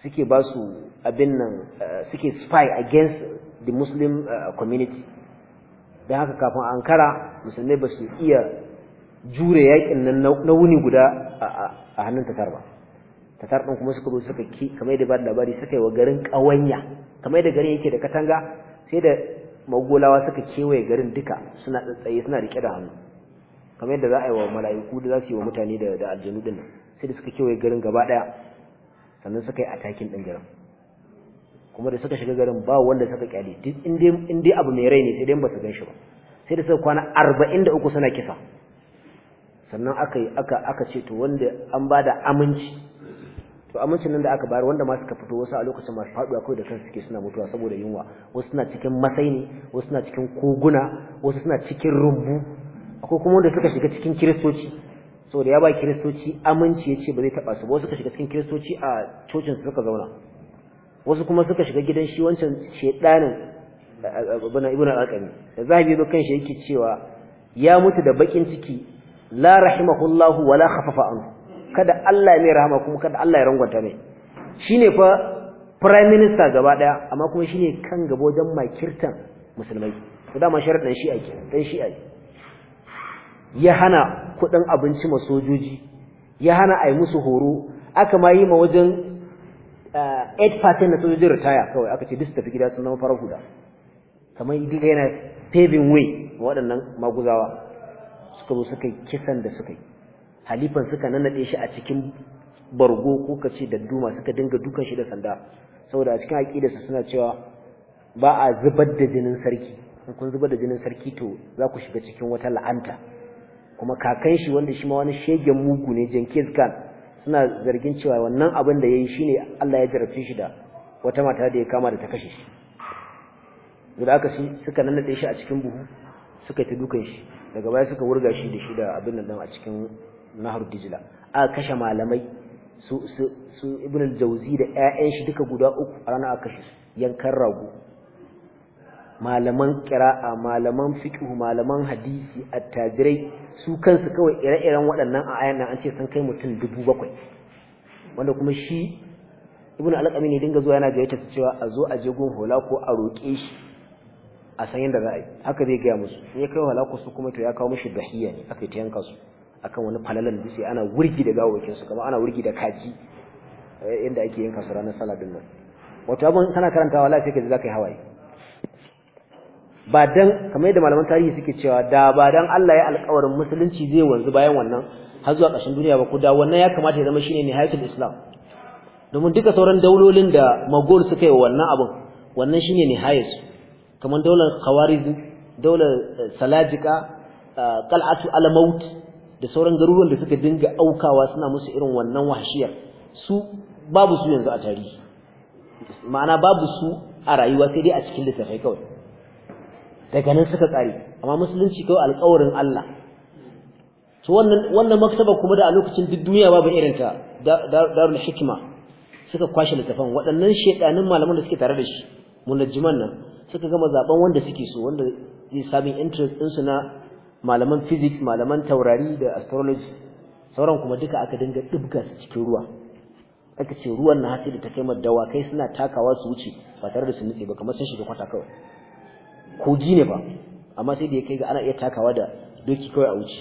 A: suke ba su abin nan eh, suke spy against the muslim eh, community dan haka kafin ankara musulmai ba su iya jure yakin nan na wuni guda a hannun tatar ba tatar kuma suka zo suka kamar da ba labari suka yi wa garin kawanya kamar da garin yake da katanga sai da magolawa suka kewaye garin duka suna tsaye suna rike da hannu kamar yadda za a yi wa mala'iku da za su yi wa mutane da da aljanu din sai da suka kewaye garin gaba daya sannan suka yi attacking din garin kuma da suka shiga garin ba wanda suka kyale duk in dai abu mai rai ne sai dai ba su gan shi ba sai da suka kwana 43 suna kisa sannan aka aka aka ce to wanda an bada aminci to amincin nan da aka bayar wanda ma suka fito wasu a lokacin masu faduwa kawai da kansu suke suna mutuwa saboda yunwa wasu suna cikin matsayi ne wasu suna cikin koguna wasu suna cikin rumbu akwai kuma wanda suka shiga cikin kiristoci saboda ya ba kiristoci aminci ya ce ba zai taba su wasu suka shiga cikin kiristoci a cocin su suka zauna wasu kuma suka shiga gidan shi wancan shedanin ibn ibn al-aqami da zahabi zo kan shi yake cewa ya mutu da bakin ciki la rahimahullahu wala khafafa anhu kada Allah ya mai rahama kuma kada Allah ya rangwata mai shine fa prime minister gaba daya amma kuma shine kan gaba wajen makirtan musulmai to dama sharadin shi ake dan shi ake ya hana kudin abinci ma sojoji ya hana ai musu horo aka ma yi ma wajen 8% eh, na sojojin ritaya kawai aka ce duk su tafi gida sun zama farar huda kamar idan yana paving way waɗannan maguzawa suka zo suka yi kisan da suka yi halifan suka nanade shi a cikin bargo ko kace da duma suka dinga dukan shi da sanda saboda a cikin aqida su suna cewa ba a zubar da jinin sarki in kun zubar da jinin sarki to za ku shiga cikin wata la'anta kuma kakan shi wanda shi ma wani shegen mugu ne Jenkins Khan suna zargin cewa wannan abin da yayi shine Allah ya jarabci shi da wata mata da ya kama da ta kashe shi da aka shi suka nanade shi a cikin buhu suka ta dukan shi daga baya suka wurga shi da shi da abin nan a cikin nahar dijila a kashe malamai su su ibn al-jawzi da ƴaƴan shi duka guda uku a ranar akashi yankan rago malaman qira'a malaman fiqh malaman hadisi attajirai su kansu kawai ire-iren waɗannan ayan nan an ce san kai mutum dubu bakwai wanda kuma shi ibn al-alqami ne dinga zuwa yana gayyata su cewa a zo a je gun hola ko a roƙe shi a san yadda za a yi haka zai gaya musu sai ya kai hola ko su kuma to ya kawo mishi dahiya ne aka yi ta yanka su akan wani falalan dutse ana wurgi da gawawakin su kamar ana wurgi da kaji eh, inda ake yin kasu ranar sallah din nan wato abin kana karantawa lafiya ka zaka yi hawaye ba dan kamar yadda malaman tarihi suke cewa da ba dan Allah ya alƙawarin musulunci zai wanzu bayan wannan har zuwa ƙarshen duniya ba ko da wannan ya kamata ya zama shine nihayatul islam domin duka sauran daulolin da magol suka yi wa wannan abin wannan shine nihayat kamar daular khawarizm daular eh, salajika qal'atu eh, al-maut da sauran garuruwan da suka dinga aukawa suna musu irin wannan wahshiyar su babu su yanzu a tarihi ma'ana babu su a rayuwa sai dai a cikin littafai kawai daga nan suka tsare amma musulunci kawai alƙawarin Allah to wannan wannan maktaba kuma da a lokacin duk duniya babu irin ta darul hikma suka kwashe littafan waɗannan shedanin malaman da suke tare da shi munajjiman nan suka gama zaben wanda suke so wanda zai sami interest ɗinsu na malaman physics malaman taurari da astrology sauran kuma duka aka dinga dubga su cikin ruwa aka ce ruwan na hasi da ta kaimar kai suna takawa su wuce ba tare da su nutse ba kamar sun shiga kwata kawai kogi ne ba amma sai da ya kai ga ana iya takawa da doki kawai a wuce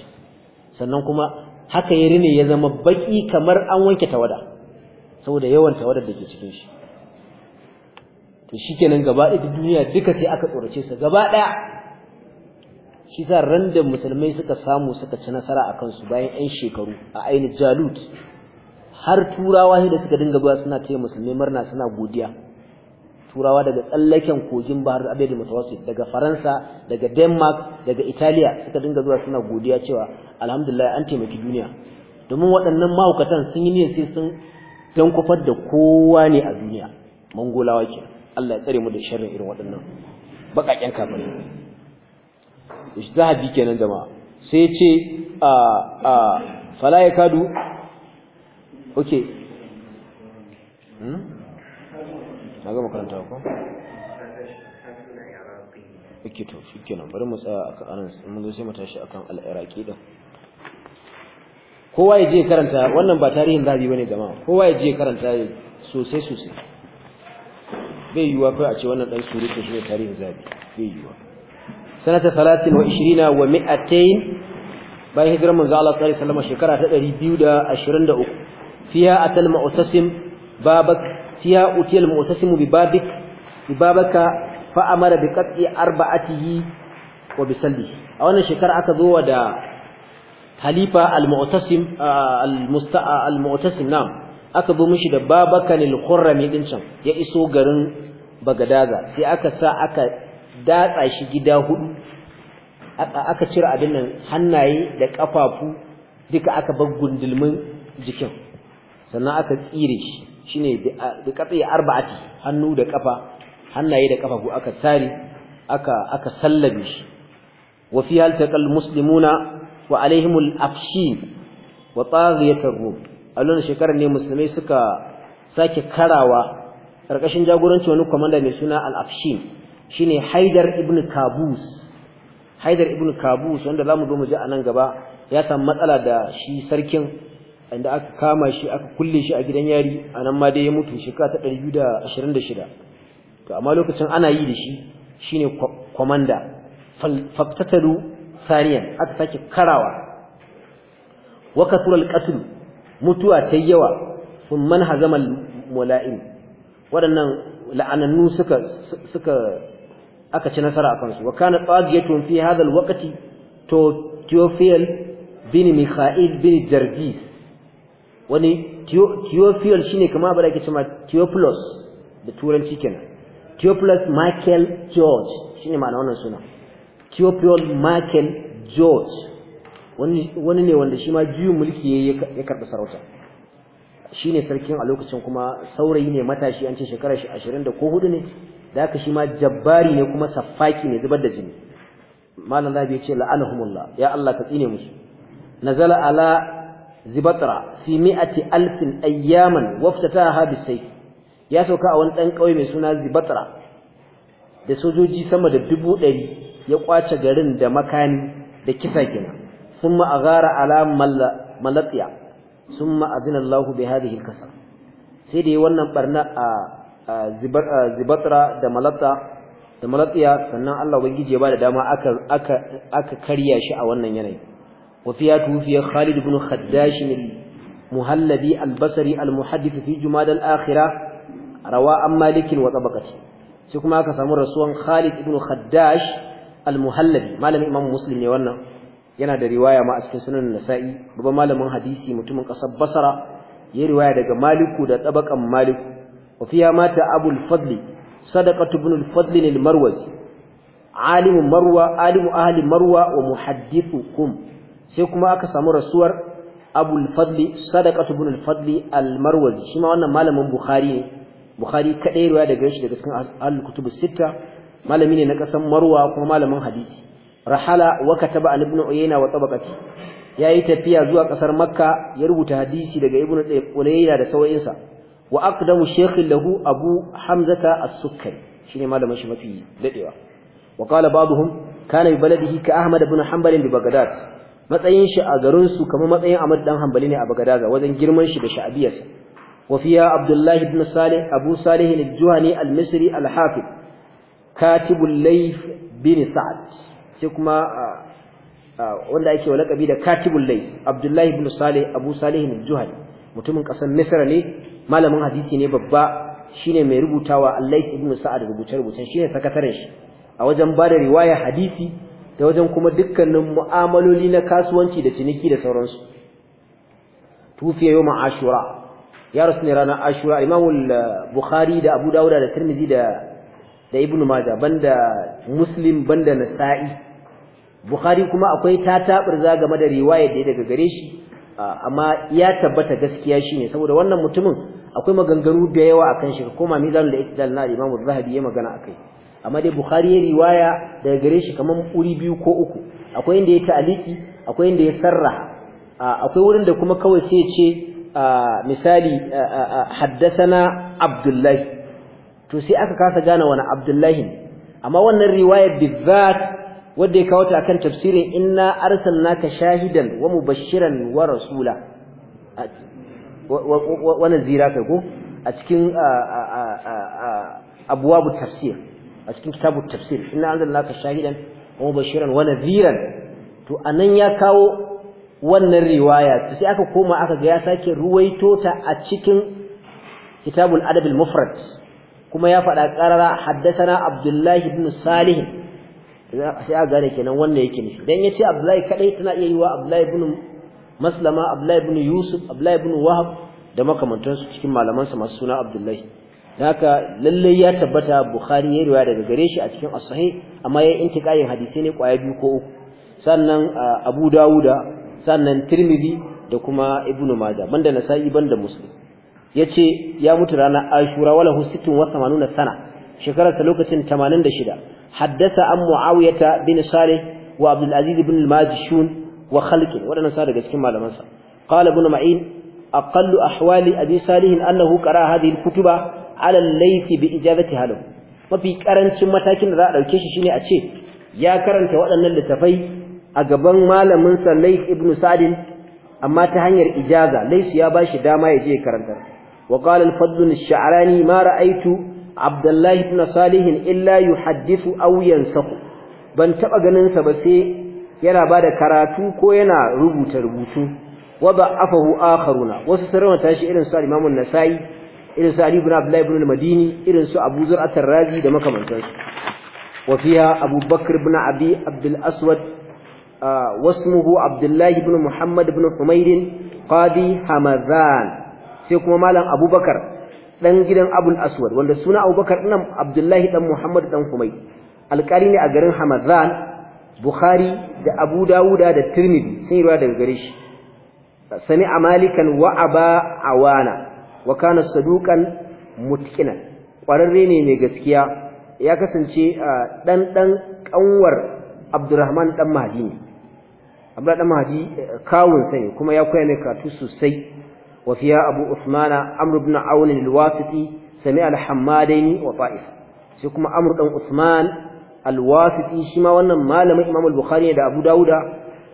A: sannan kuma haka ya rine ya zama baki kamar an wanke tawada saboda yawan tawada da ke cikin shi to shikenan gaba ɗaya duniya duka sai aka tsorace sa gaba ɗaya shi sa da musulmai suka samu suka ci nasara a kansu bayan 'yan shekaru a ainihin jalut har turawa da suka dinga zuwa suna ce musulmai murna suna godiya turawa daga tsallaken kogin bahar da mutawassit daga faransa daga denmark daga italiya suka dinga zuwa suna godiya cewa alhamdulillah an taimaki duniya domin waɗannan mahaukatan sun yi niyyar sai sun don kufar da kowa ne a duniya mangolawa ke Allah ya tsare mu da sharrin irin waɗannan baƙaƙen kafin ijtihadi kenan da ma sai ya ce a a fala ya kadu okay hmm na ga makaranta ko okay to shikenan bari mu tsaya akan anan mun zo sai mu tashi akan al-iraqi din kowa ya je karanta wannan ba tarihin zabi bane jama'a kowa ya je karanta sosai sosai bai yiwa kai a ce wannan dan surutu shi ne tarihin zabi bai yiwa sanata 23 wa ishirina wa 200 bayan hijirar manzo Allah sallallahu alaihi wasallam shekara ta 223 fiha atal mu'tasim babak fiha util mu'tasim bi babik bi babaka fa amara bi qat'i arba'atihi wa bi salli a wannan shekara aka zo da Khalifa al-mu'tasim al-musta'a al-mu'tasim na'am aka zo mishi da babaka lil khurrami din can ya iso garin bagadaza sai aka sa aka datsa shi gida hudu aka cire abin nan hannaye da kafafu duka aka bar gundulmin jikin sannan aka tsire shi shine katse qat'i arba'ati hannu da kafa hannaye da kafafu aka tsare aka aka sallabe shi wa fi hal taqal muslimuna wa alaihim al wa taghiyat ar rum a shekarar ne musulmai suka sake karawa karkashin jagoranci wani komanda mai suna al afshin shine Haidar ibn Kabus Haidar ibn Kabus wanda zamu zo mu ji anan gaba ya san matsala da shi sarkin inda aka kama shi aka kulle shi a gidan yari anan ma dai ya mutu shekara ta 226 to amma lokacin ana yi da shi shine kwamanda. faftatalu saniyan aka sake karawa wa kathura qatl mutuwa ta yawa sun manhazamal mula'in waɗannan la'anannu suka suka aka ci nasara a kansu wa kana tsadiyatun fi hadha alwaqti to Theophil bin Mikhail bin Jardis wani Theophil shine kamar abin da ake cewa Theophilus da turanci kenan Theophilus Michael George shine ma'ana wannan suna Theophilus Michael George wani wani ne wanda shi ma juyin mulki yayi ya karɓi sarauta shine sarkin a lokacin kuma saurayi ne matashi an ce shekarar shi 20 da ko hudu ne da haka shi ma jabbari ne kuma saffaki ne zubar da jini malam rabi ya ce la'anahumullah ya Allah ka tsine musu nazala ala zibatra fi mi'ati alfin ayyaman waftataha bisayf ya sauka a wani dan kauye mai suna zibatra da sojoji sama da dubu ɗari ya kwace garin da makani da kisa gina summa aghara ala malatiya summa azina Allahu bi hadhihi al-kasra sai dai wannan barna a zibatra ah, da malatta da malatiya sannan Allah ubangiji ya bada dama aka aka aka karya shi a wannan yanayi wa fiya tufiya Khalid ibn Khaddash muhallabi al-basri al-muhaddith fi jumad al-akhirah rawa an malik wa tabaqati sai kuma aka samu rasuwan Khalid ibn Khaddash al-muhallabi malamin imam muslim ne wannan yana da riwaya ma a cikin sunan nasa'i babban malamin hadisi mutumin kasar basra ya riwaya daga maliku da tabakan maliku وفيها مات أبو الفضل صدقة بن الفضل المروزي عالم مروى عالم أهل مروى ومحدثكم سيكما أكسام رسول أبو الفضل صدقة بن الفضل المروزي شما وانا مالا من بخاري بخاري كأير ويادا قريش لكسكن أهل الكتب الستة مالا مني نكسام مروى وكما مالا من حديثي رحل وكتب عن ابن عيينة وطبقته ya yi tafiya zuwa ƙasar makka ya rubuta hadisi daga ibn ulayya da sauyinsa wa aqdamu shaykhin lahu abu hamzata as-sukkari shine malamin shi mafi dadewa wa qala ba'dhum kana bi baladihi ka ahmad ibn hanbal bi bagdad matsayin shi a garin su kamar matsayin ahmad dan hanbali ne a bagdad wajen girman shi da sha'abiyarsa wa fiya abdullah ibn salih abu salih al-juhani al-misri al-hafiz katibul layth bin sa'ad sai kuma wanda ake wa lakabi da katibul layth abdullah ibn salih abu salih al-juhani mutumin kasar misra ne malamin hadisi ne babba shine mai rubutawa Allah ibn Sa'ad rubuce rubucen shine sakataren shi a wajen bada riwaya hadisi da wajen kuma dukkanin mu'amaloli na kasuwanci da ciniki da sauransu tufiya yawma ashura ya rasu ne ranar ashura imamul eh, bukhari da abu dawuda da tirmidhi da da ibn maja banda muslim banda nasa'i bukhari kuma akwai ta game da riwayar da daga gare shi ah, amma ya tabbata gaskiya shine saboda wannan mutumin akwai maganganu da yawa akan shi koma mizanul i'tidal na Imam Az-Zahabi ya magana akai amma dai Bukhari ya riwaya daga gare shi kaman uri biyu ko uku akwai inda ya ta'aliki akwai inda ya sarra akwai wurin da kuma kawai sai ya ce misali haddathana Abdullahi to sai aka kasa gane wani Abdullahi amma wannan riwayar bizzat wanda ya kawo ta akan tafsirin inna arsalnaka shahidan wa mubashiran wa rasula wannan zira kai ko a cikin abwabu tafsir a cikin kitabu tafsir inna anzalnaka shahidan wa mubashiran wa nadhiran to anan ya kawo wannan riwaya sai aka koma aka ga ya sake ruwaito ta a cikin kitabul adab al mufrad kuma ya faɗa qarara haddathana abdullahi ibn salih sai aka gane kenan wannan yake nufi dan yace abdullahi kadai tana iya yiwa abdullahi ibn maslama abdullahi ibn yusuf abdullahi ibn wahab da makamantansu cikin malamansa masu suna abdullahi da haka lalle ya tabbata bukhari ya riwaya daga gare shi a cikin as-sahih amma yayin intiqayin hadisi ne kwaya biyu ko uku sannan abu dawuda sannan tirmidhi da kuma ibn majah banda nasa'i banda muslim yace ya mutu ranar ashura wala wa 80 sana shekarar ta lokacin 86 haddasa an muawiyata bin salih wa abdul aziz ibn al-majshun wa khalqin wadannan sa daga cikin malaman sa qala ibn ma'in aqallu ahwali abi salih annahu qara hadhihi al-kutuba ala al-layth bi ijabati halu mafi karancin matakin da za a dauke shi shine a ce ya karanta waɗannan littafai a gaban malamin sa layth ibn sadin amma ta hanyar ijaza Laifi ya bashi dama ya je karanta وقال الفضل الشعراني ما رأيت عبد الله بن صالح إلا يحدث أو ينسق ban taɓa ganin sa ba sai yana bada karatu ko yana rubuta rubutu wadda afahu akharuna wasu sarwa tashi irin su al-Imam nasai irin su Ali ibn Abdullahi ibn madini irin su Abu Zur'a razi da makamantansu wa fiha Abu Bakr ibn Abi Abdul Aswad wasmuhu Abdullahi ibn Muhammad ibn Humayd qadi Hamadan sai kuma malam Abubakar dan gidan Abul Aswad wanda suna Abubakar ɗan Abdullahi dan Muhammad dan Humayd alƙali ne a garin Hamadan bukhari da abu dawuda da tirmidhi sun ruwa daga gare shi sami'a malikan wa aba awana wa kana saduqan mutqinan kwararre ne mai gaskiya ya kasance dan dan kanwar abdurrahman dan mahdi ne abdurrahman dan mahdi eh, kawun sa ne kuma ya koya ne karatu sosai wa fiya abu usmana amr ibn aun al-wasiti sami'a al-hammadaini wa ta'if sai kuma amr dan usman al-wasiti shi ma wannan malamin Imam al-Bukhari da Abu Dawuda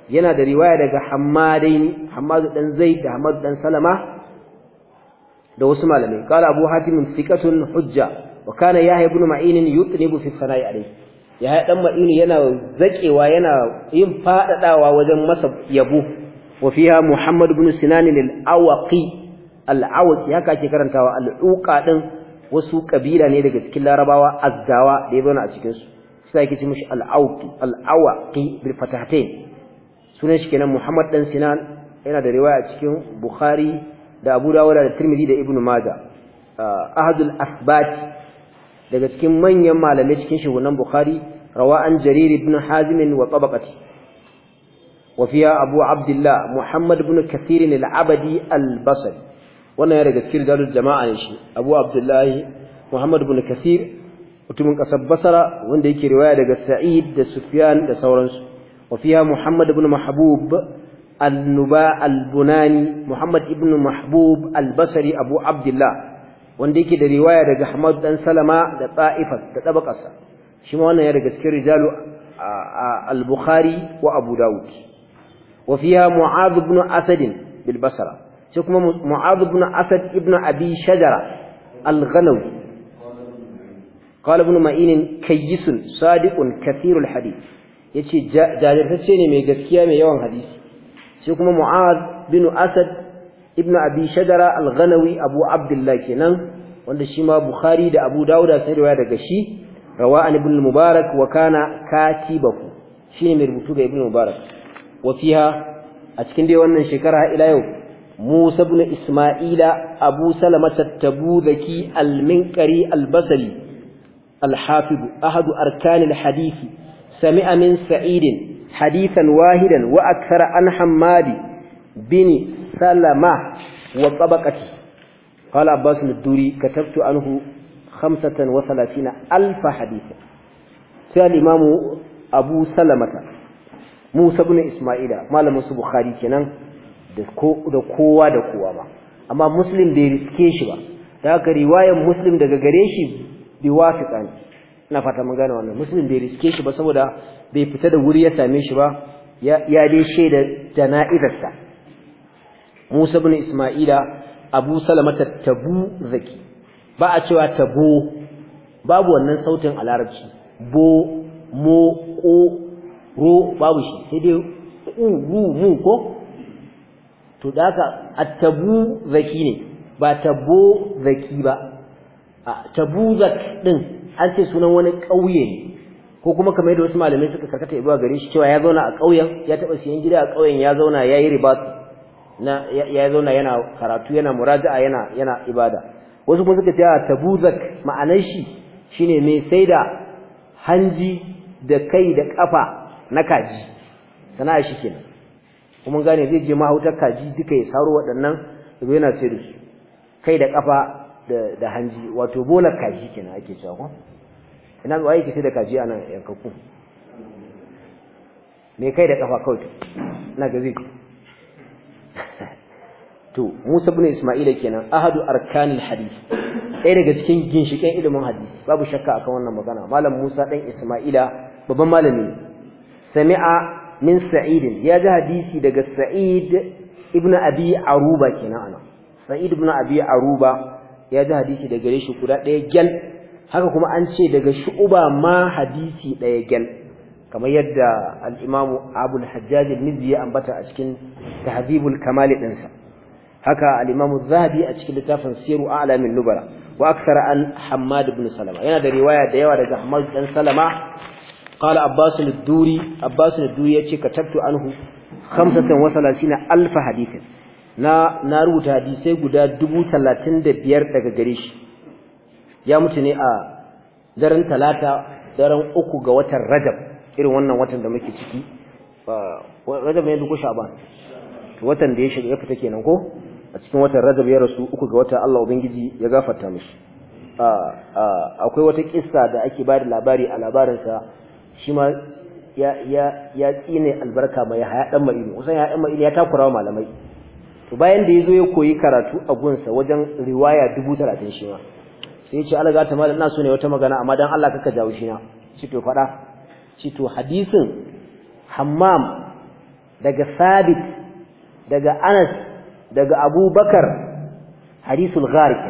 A: yana da riwaya daga Hammadaini Hammad dan Zaid da Hammad dan Salama da wasu malamai qala Abu Hatim thiqatun hujja wa kana Yahya ibn Ma'in yutnibu fi sana'i alayhi Yahya dan Ma'in yana zakewa yana yin fadadawa wajen masa yabo wa fiha Muhammad ibn Sinan al awqi al awqi haka ake karantawa al-Uqa din wasu kabila ne daga cikin Larabawa azzawa da ya na a cikin su sai yake mushi mishi al bil fatahtain sunan shi kenan Muhammad dan Sinan yana da riwaya cikin Bukhari da Abu Dawud da Tirmidhi da ibnu Majah ah, ahadul asbat daga cikin manyan malamai cikin shugunan Bukhari an Jarir ibn Hazim wa tabaqati وفيها أبو عبد الله محمد بن كثير العبدي wannan ya يرى كثير قالوا jama'a نشي أبو abu الله muhammad بن kathir. mutumin kasar basara wanda yake riwaya daga sa'id da sufyan da sauransu wa fiya muhammad ibn mahbub annuba albunani muhammad ibn mahbub albasari abu abdullah wanda yake da riwaya daga hamad dan salama da ta'ifas da tabaqasa shi ma wannan ya daga cikin rijalu al-bukhari wa abu daud wa fiya mu'adh ibn asad bil basra sai kuma mu'adh ibn asad ibn abi shajara al-ghanawi qala ibn ma'in kayyisun sadiqun kathirul hadith yace jajirtacce ne mai gaskiya mai yawan hadisi sai kuma Mu'az, bin asad ibn abi shadara al-ghanawi abu abdullah kenan wanda shi ma bukhari da abu dauda sai riwaya daga shi rawa'an ibn mubarak wa kana katibahu shine mai rubutu ga ibn mubarak wa a cikin dai wannan shekara ila yau Musa ibn Isma'ila Abu Salama at-Tabuzaki al-Minqari al-Basri الحافظ أحد أركان الحديث سمع من سعيد حديثا واحدا وأكثر عن حماد بن سلمة وطبقته قال عباس الدوري كتبت عنه خمسة وثلاثين ألف حديثا سأل الإمام أبو سلمة Musa ibn Isma'ila malamin su Bukhari kenan da da kowa da kowa ba amma Muslim bai riske shi ba da haka riwayar Muslim daga gare shi bi ina fata mun wannan muslim bai riske shi ba saboda bai fita da wuri ya same shi ba ya ya dai shaida jana'izarsa Musa bin Isma'ila Abu Salama tabu zaki ba a cewa tabo babu wannan sautin a larabci bo mo ko ro babu shi sai dai ku ru mu ko to da haka tabu zaki ne ba tabo zaki ba tabuzak din an ce sunan wani ƙauye ne ko kuma kamar yadda wasu malamai suka karkata ibuwa gare shi cewa ya zauna a ƙauyen ya taɓa siyan gida a ƙauyen ya zauna ya yi riba na ya zauna yana karatu yana muraja'a yana yana ibada wasu kuma suka ce tabuzak ma'anar shi shine mai sai da hanji da kai da kafa na kaji sana'a shi kenan kuma gane zai je mahautar kaji duka ya saro waɗannan yana sai da su kai da kafa da hanji wato bolar kaji kenan ake cewa ko ina zuwa yake sai da kaji ana yankaku. me kai da kafa kawai na ga zai to Musa ibn Isma'il kenan ahadu arkanil hadith ɗaya daga cikin ginshiƙen ilimin hadisi babu shakka akan wannan magana malam Musa dan Isma'ila babban malami sami'a min sa'id ya ji hadisi daga sa'id ibn abi aruba kenan ana sa'id ibn abi aruba ya ji hadisi daga gare shi guda ɗaya gyal haka kuma an ce daga shu'uba ma hadisi ɗaya gyal kamar yadda al-imamu abul hajjaj al-mizzi ya ambata a cikin tahzibul kamal ɗinsa haka al-imamu zahabi a cikin littafin siru a'lamin nubala wa akthar an hammad ibn salama yana da riwaya da yawa daga hammad dan salama قال عباس الدوري عباس الدوري يقول كتبت عنه 35 ألف حديث na na rubuta hadisai guda dubu talatin da biyar daga gare shi ya mutu ne a daren talata daren uku ga watan rajab irin wannan watan da muke ciki rajab ne ko sha'ban watan da ya shiga ya fita kenan ko a cikin watan rajab ya rasu uku ga watan Allah ubangiji ya gafarta mishi akwai wata kissa da ake bayar labari a labarinsa shi ma ya ya ya tsine albarka mai haya dan ma'ino kusan ya dan ma'ino ya takura malamai to bayan da yazo ya koyi karatu a gunsa wajen riwaya 30 shi ma sai ya ce Allah ta mallan ina so ne wata magana amma dan Allah kaka jawo shi na shi to fada shi to hadisin Hammam daga Sabit daga Anas daga Abubakar hadisul gharik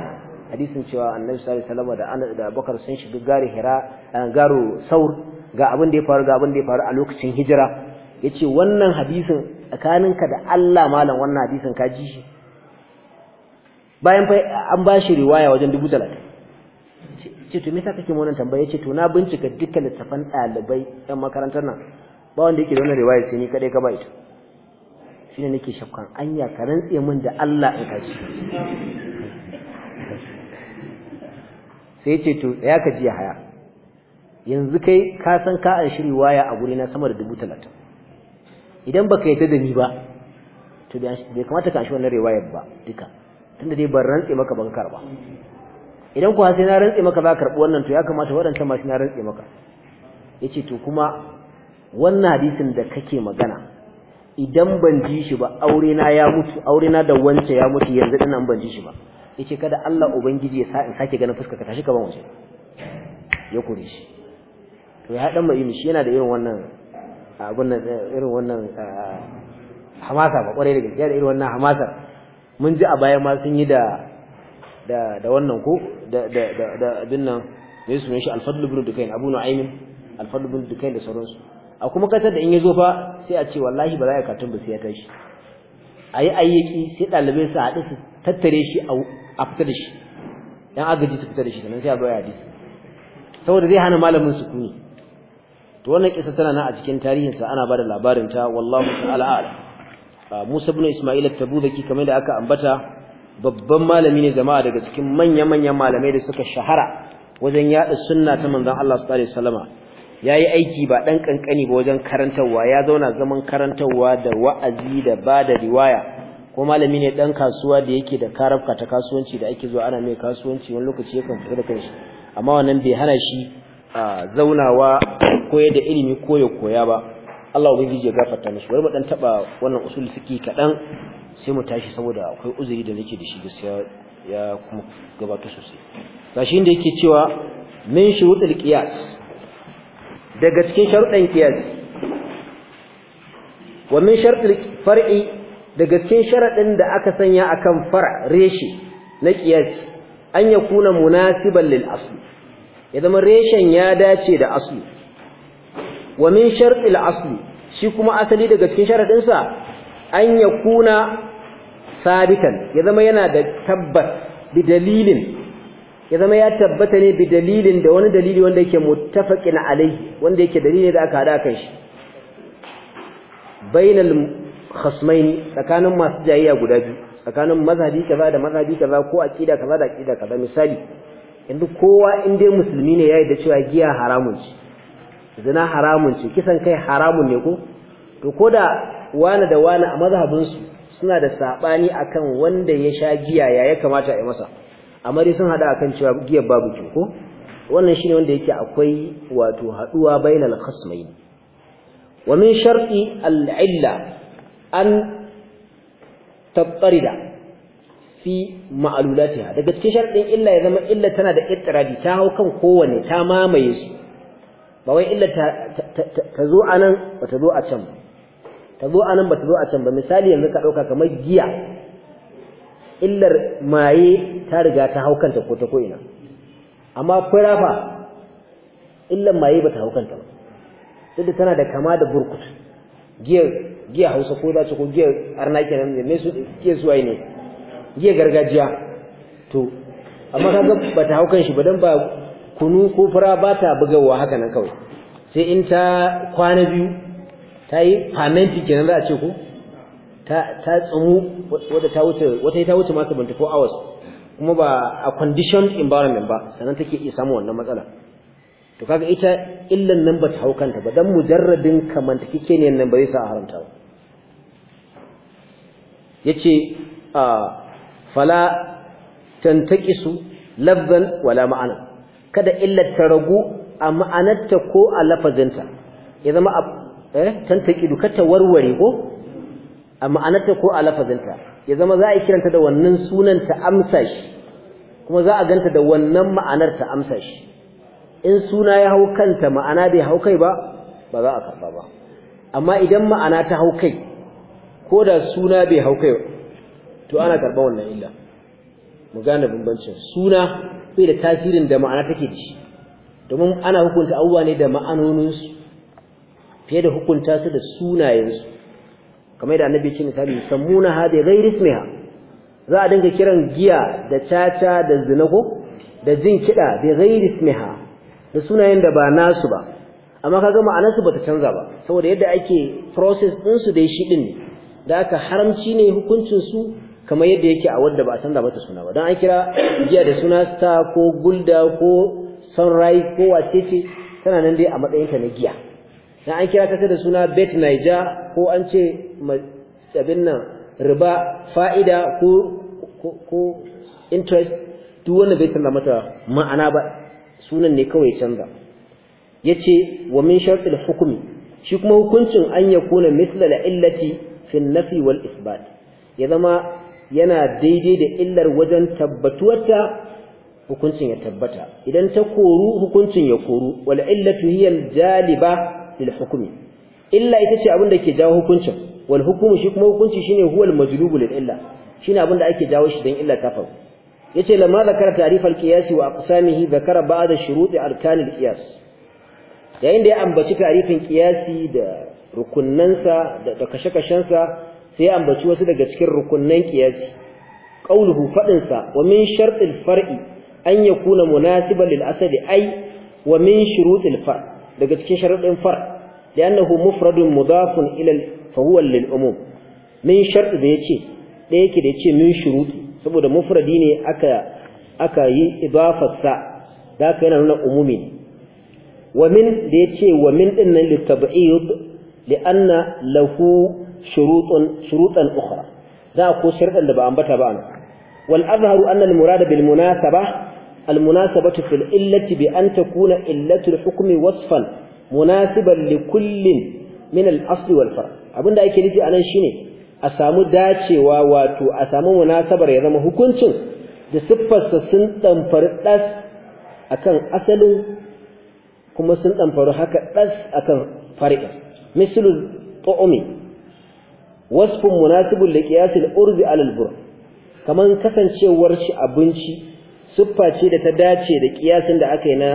A: hadisin cewa annabi sallallahu alaihi wasallam da Anas da Abubakar sun shiga gari Hira eh, garo Saur ga abin da ya faru ga abin da ya faru a lokacin hijira yace wannan hadisin tsakaninka da Allah malam wannan hadisin ka ji shi bayan fa an ba shi riwaya wajen dubu talatin ce to me yasa kake wannan tambaya ce to na bincika dukkan littafan ɗalibai ɗan makarantar nan ba wanda yake da wannan riwaya sai ni kadai ka ba ita shine nake shakkan anya ka rantse min da Allah in ka ji sai ce to tsaya ka ji haya yanzu kai ka san ka an shiri waya a guri na sama da dubu talatin idan baka yadda da ni ba to bai kamata ka shi wannan riwayar ba duka tunda dai ban rantse maka ban karba idan kuwa sai na rantse maka za karbi wannan to ya kamata waɗancan ma shi na rantse maka yace to kuma wannan hadisin da kake magana idan ban ji shi ba aure na ya mutu aure na da wance ya mutu yanzu dinan ban ji shi ba yace kada Allah ubangiji ya sa in sake ganin fuskar ka tashi ka ban waje ya kure shi to ya dan mai mishi yana da irin wannan abin nan eh, irin wannan eh, hamasa ba kwarai da gaskiya da irin wannan hamasa mun ji a baya ma sun yi da da da wannan ko da da da abin nan me su shi al-fadl ibn dukain abu nu'aym al-fadl ibn dukain da sauransu a kuma kasar da in yazo fa sai a ce wallahi ba za ya katun ba sai ya tashi ayi ayyaki sai dalibai su hadu su tattare shi a fita da shi dan agaji su fita da shi sannan sai a bayar hadisi saboda zai hana malamin su kuni to wannan kisa tana nan a cikin tarihin sa ana bada labarin ta wallahu ta'ala A ah, Musa ibn Isma'il at-Tabuzaki kamar da aka ambata babban malami ne jama'a daga cikin manya manyan malamai da suka shahara wajen yada sunna ta manzon Allah sallallahu alaihi wasallam yayi aiki ba dan kankani ba wajen karantawa ya zauna zaman karantawa da wa'azi da bada riwaya ko malami ne dan kasuwa da yake da karafka ta kasuwanci da ake zuwa ana mai kasuwanci wani lokaci yakan fita da kanshi amma wannan bai hana shi zaunawa koyar da ilimi ko ya koya ba Allah ubangiji ya gafarta mishi bari mu dan taba wannan usul fiqi kadan sai mu tashi saboda akwai uzuri da nake da shi gaskiya ya kuma gabata sosai gashi inda yake cewa min shurutul qiyas daga cikin sharuɗan qiyas wa min shartil far'i daga cikin sharadin da aka sanya akan far' reshe na qiyas an yakuna munasiban lil asl ya zama reshen ya dace da asli wa min shartil asli shi kuma asali daga cikin sharaɗinsa, an ya kuna sabitan ya zama yana da tabbat bi dalilin ya zama ya tabbata ne bi dalilin da wani dalili wanda yake muttafaqin alai wanda yake dalili da aka hada kan shi bainal khasmaini tsakanin masu jayayya guda biyu tsakanin mazhabi kaza da mazhabi kaza ko aqida kaza da aqida kaza misali yanzu kowa in dai musulmi ne yayi da cewa giya haramun ce zina haramun ce kisan kai haramun ne ko to koda wani da wani a mazhabin suna da sabani akan wanda ya sha giya ya ya kamata a masa amma dai sun hada akan cewa giyar babu kyau ko wannan shine wanda yake akwai wato haduwa bainal khasmain wa min shar'i al-illa an tattarida fi ma'alulatiha daga cikin sharɗin illa ya zama illa tana da ittirabi ta hau kan kowane ta mamaye su ba wai illa ta zo a nan ba ta zo a can ba ta zo a nan ba ta zo a can ba misali yanzu ka ɗauka kamar giya illar maye ta riga ta hau kanta ko ta ko'ina amma kwarafa illar maye ba ta hau kanta ba duk da tana da kama da burkut giya hausa ko za ko giya arna kenan ne su giyar suwaye ne giya gargajiya to amma kaga bata hau kan shi ba dan ba kunu ko fura ba ta bugawa haka nan kawai sai in ta kwana biyu ta yi famenti kenan za a ce ko ta ta tsumu wata ta wuce wata ta wuce ma 74 hours kuma ba a conditioned environment ba sannan take iya samu wannan matsala to kaga ita illan nan ba ta hau kanta ba dan mujarradin kamantakekeniyar nan ba zai sa haramta ba yace a ah, fala tantakisu labban wala ma'ana kada illa ta ragu a ma'anarta ko a lafazinta ya zama eh tantakidu kata warware ko a ma'anarta ko a lafazinta ya zama za a kiranta da wannan sunan ta amsa shi kuma za a ganta da wannan ma'anar ta amsa shi in suna ya hau kanta ma'ana bai hau kai ba ba za a karba ba amma idan ma'ana ta hau kai ko da suna bai hau kai to ana karɓar wannan illa mu gane bambancin suna bai da tasirin da ma'ana take ci domin ana hukunta abubuwa ne da ma'anoninsu fiye da hukunta su da sunayensu kamar da annabi ce misali sammuna hadi ghairi ismiha za a dinga kiran giya da caca da zinago da jin kiɗa da ghairi da sunayen da ba nasu ba amma ka kaga ba ta canza ba saboda yadda ake process ɗinsu da shi ɗin da aka haramci ne hukuncinsu. kamar yadda yake a wanda ba a canza mata suna ba don an kira jiya da suna star ko gulda ko sunrise ko wacece tana nan dai a ta na giya don an kira kasa da suna bet niger ko an ce abin nan riba fa'ida ko ko interest duk wanda bai canza mata ma'ana ba sunan ne kawai canza ya ce wa min shartil hukumi shi kuma hukuncin an kuna mislala illati fi nafi wal isbat ya zama yana daidai da illar wajen tabbatuwarta hukuncin ya tabbata idan ta koru hukuncin ya koru wal illatu hiya al jaliba lil hukmi illa ita ce abin da ke jawo hukuncin wal hukmu shi kuma hukunci shine huwa al majlubu lil illa shine abin da ake jawo shi dan illa ta faru yace lamma zakara ta'rif al qiyas wa aqsamihi zakara ba'da shurut arkan al qiyas yayin da ya ambaci ta'rifin qiyasi da rukunnansa da kashe-kashensa sai ya ambaci wasu daga cikin rukunnan kiyasi. qauluhu fadin wa min shartil far'i an yakuna munasiban lil asali ai wa min shurutil far daga cikin sharadin far li'annahu mufradun mudafun ila fa huwa lil umum min shart da yace da yake da yace min shuruti saboda mufradi ne aka aka yi idafar sa da ka yana nuna umumi ne wa min da yace wa min din nan litab'id li'anna lahu shurutun shurutan ukhra za ko shirdan da ba ambata ba ana wal azharu anna al murada bil munasaba al munasabatu fil illati bi an takuna illatu al hukmi wasfan munasiban li kullin min al asl wal far abinda ake nufi anan shine a samu dacewa wato a samu munasabar ya zama hukuncin da siffarsa sun damfari ɗas akan asalin kuma sun damfari haka ɗas akan far'i misalu tu'mi wasfun munasibun liqiyas al-urzi ala al-bur kaman kasancewar shi abinci siffa ce da ta dace da kiyasin da aka yi na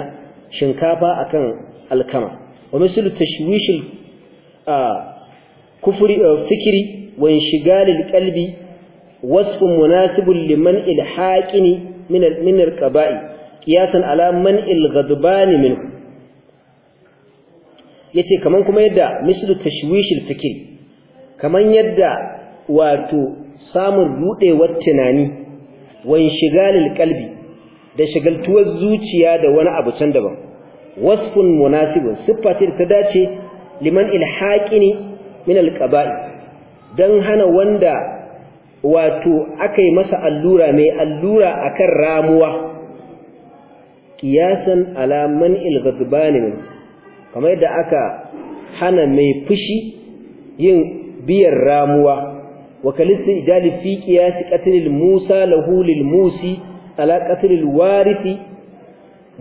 A: shinkafa akan alkama wa mislu tashwish al-kufri fikri wa inshigal al-qalbi wasfun munasibun liman al-haqini min min al-qaba'i qiyasan ala man al-ghadban yace kaman kuma yadda mislu tashwish al-fikri kaman yadda wato samun rudewar tunani wan shigalil qalbi da shigaltuwar zuciya da wani abu can daban wasfun munasibun sifatir ta dace liman ilhaqini min alqaba'i dan hana wanda wato akai masa allura mai allura akan ramuwa qiyasan ala man ilghadbani kamar da aka hana mai fushi yin Biyar ramuwa wa kalisti ijali fi qiyas musa lahu lil musi ala qatlil warithi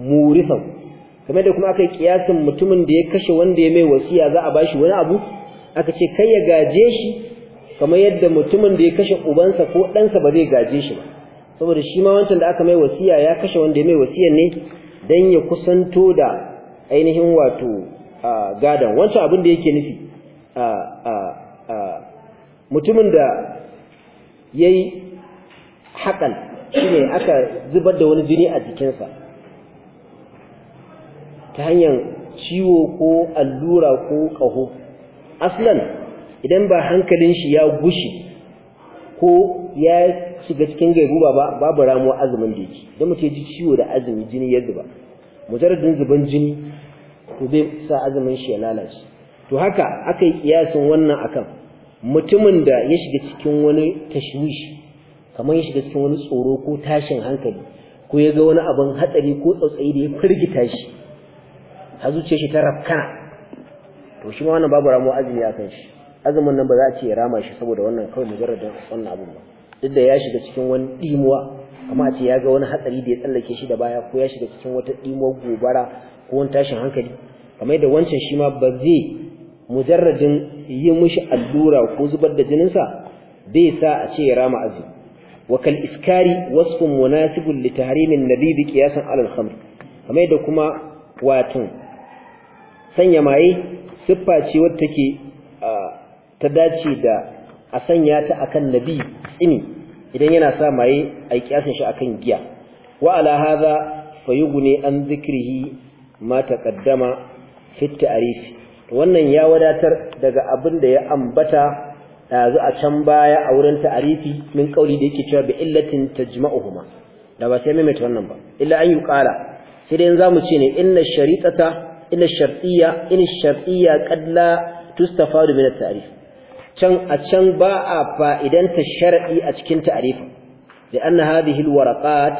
A: murifa kamar da kuma akai kiyasin mutumin da ya kashe wanda ya mai wasiya za a bashi wani abu aka ce kai ya gaje shi kamar yadda mutumin da ya kashe ubansa ko ɗansa ba zai gaje shi ba saboda shi ma wancan da aka mai wasiya ya kashe wanda ya mai wasiyan ne dan ya kusanto da ainihin wato ah, gadan wancan abin da yake nufi ah, ah, mutumin da ya yayi shi ne aka zubar da wani jini a jikinsa ta hanyar ciwo ko allura ko ƙaho aslan idan ba hankalin shi ya gushi ko ya shiga cikin gairuba ba babu ramuwa azumin da yake idan mutum ji ciwo da azumi jini ya zuba mujarradin zuban jini to zai sa azumin shi ya lalace to haka aka yi kiyasin wannan akan mutumin da ya shiga cikin wani tashwishi kamar ya shiga cikin wani tsoro ko tashin hankali ko ya ga wani abin hatsari ko tsautsayi da ya firgita shi ha zuciyar shi ta rafkana to shi ma wannan babu ramu azumi a kan shi azumin nan ba za a ce ya rama shi saboda wannan kawai mujarradin wannan abin ba duk da ya shiga cikin wani dimuwa kamar a ce ya ga wani hatsari da ya tsallake shi da baya ko ya shiga cikin wata dimuwar gobara ko wani tashin hankali kamar yadda wancan shi ma ba zai mujarradin yi mishi allura ko zubar da jininsa bai sa a ce ya rama azu wakal iskari wasfun munasibun li tahrimin nabi bi qiyasan alal khamr kamar yadda kuma watan sanya maye siffa ce take ta dace da a sanya ta akan nabi tsini idan yana sa maye a kiyasin shi akan giya wa ala hadha fayughni an zikirhi ma taqaddama fi at wannan ya wadatar daga abin da ya ambata dazu a can baya a wurin ta'arifi min kauli da yake cewa bi illatin tajma'uhuma da ba sai maimaita wannan ba illa an yuqala sai dai zamu ce ne inna sharitata inna shartiyya in shartiyya qad la tustafadu min at-ta'rif can a can ba a fa'idanta shar'i a cikin ta'rif da anna hadhihi al-waraqat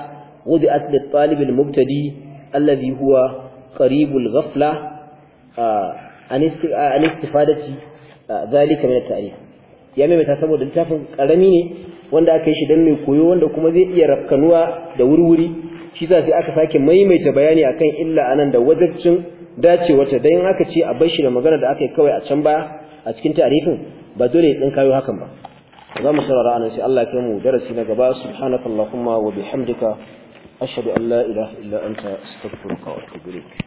A: wudi'at lit-talib al-mubtadi alladhi huwa qaribul ghafla ah, an istifadati zalika min at-ta'rif ya maimaita saboda littafin karami ne wanda aka yi shi dan mai koyo wanda kuma zai iya rafkanuwa da wurwuri shi sai aka sake maimaita bayani akan illa anan da wajibcin dacewata dan aka ce a bar shi da magana da aka yi kawai a can baya a cikin ta'rifin ba dole ya kayo hakan ba za mu sarara anan sai Allah ya kai mu darasi na gaba subhanakallahumma wa bihamdika ashhadu an la ilaha illa anta astaghfiruka wa atubu ilaik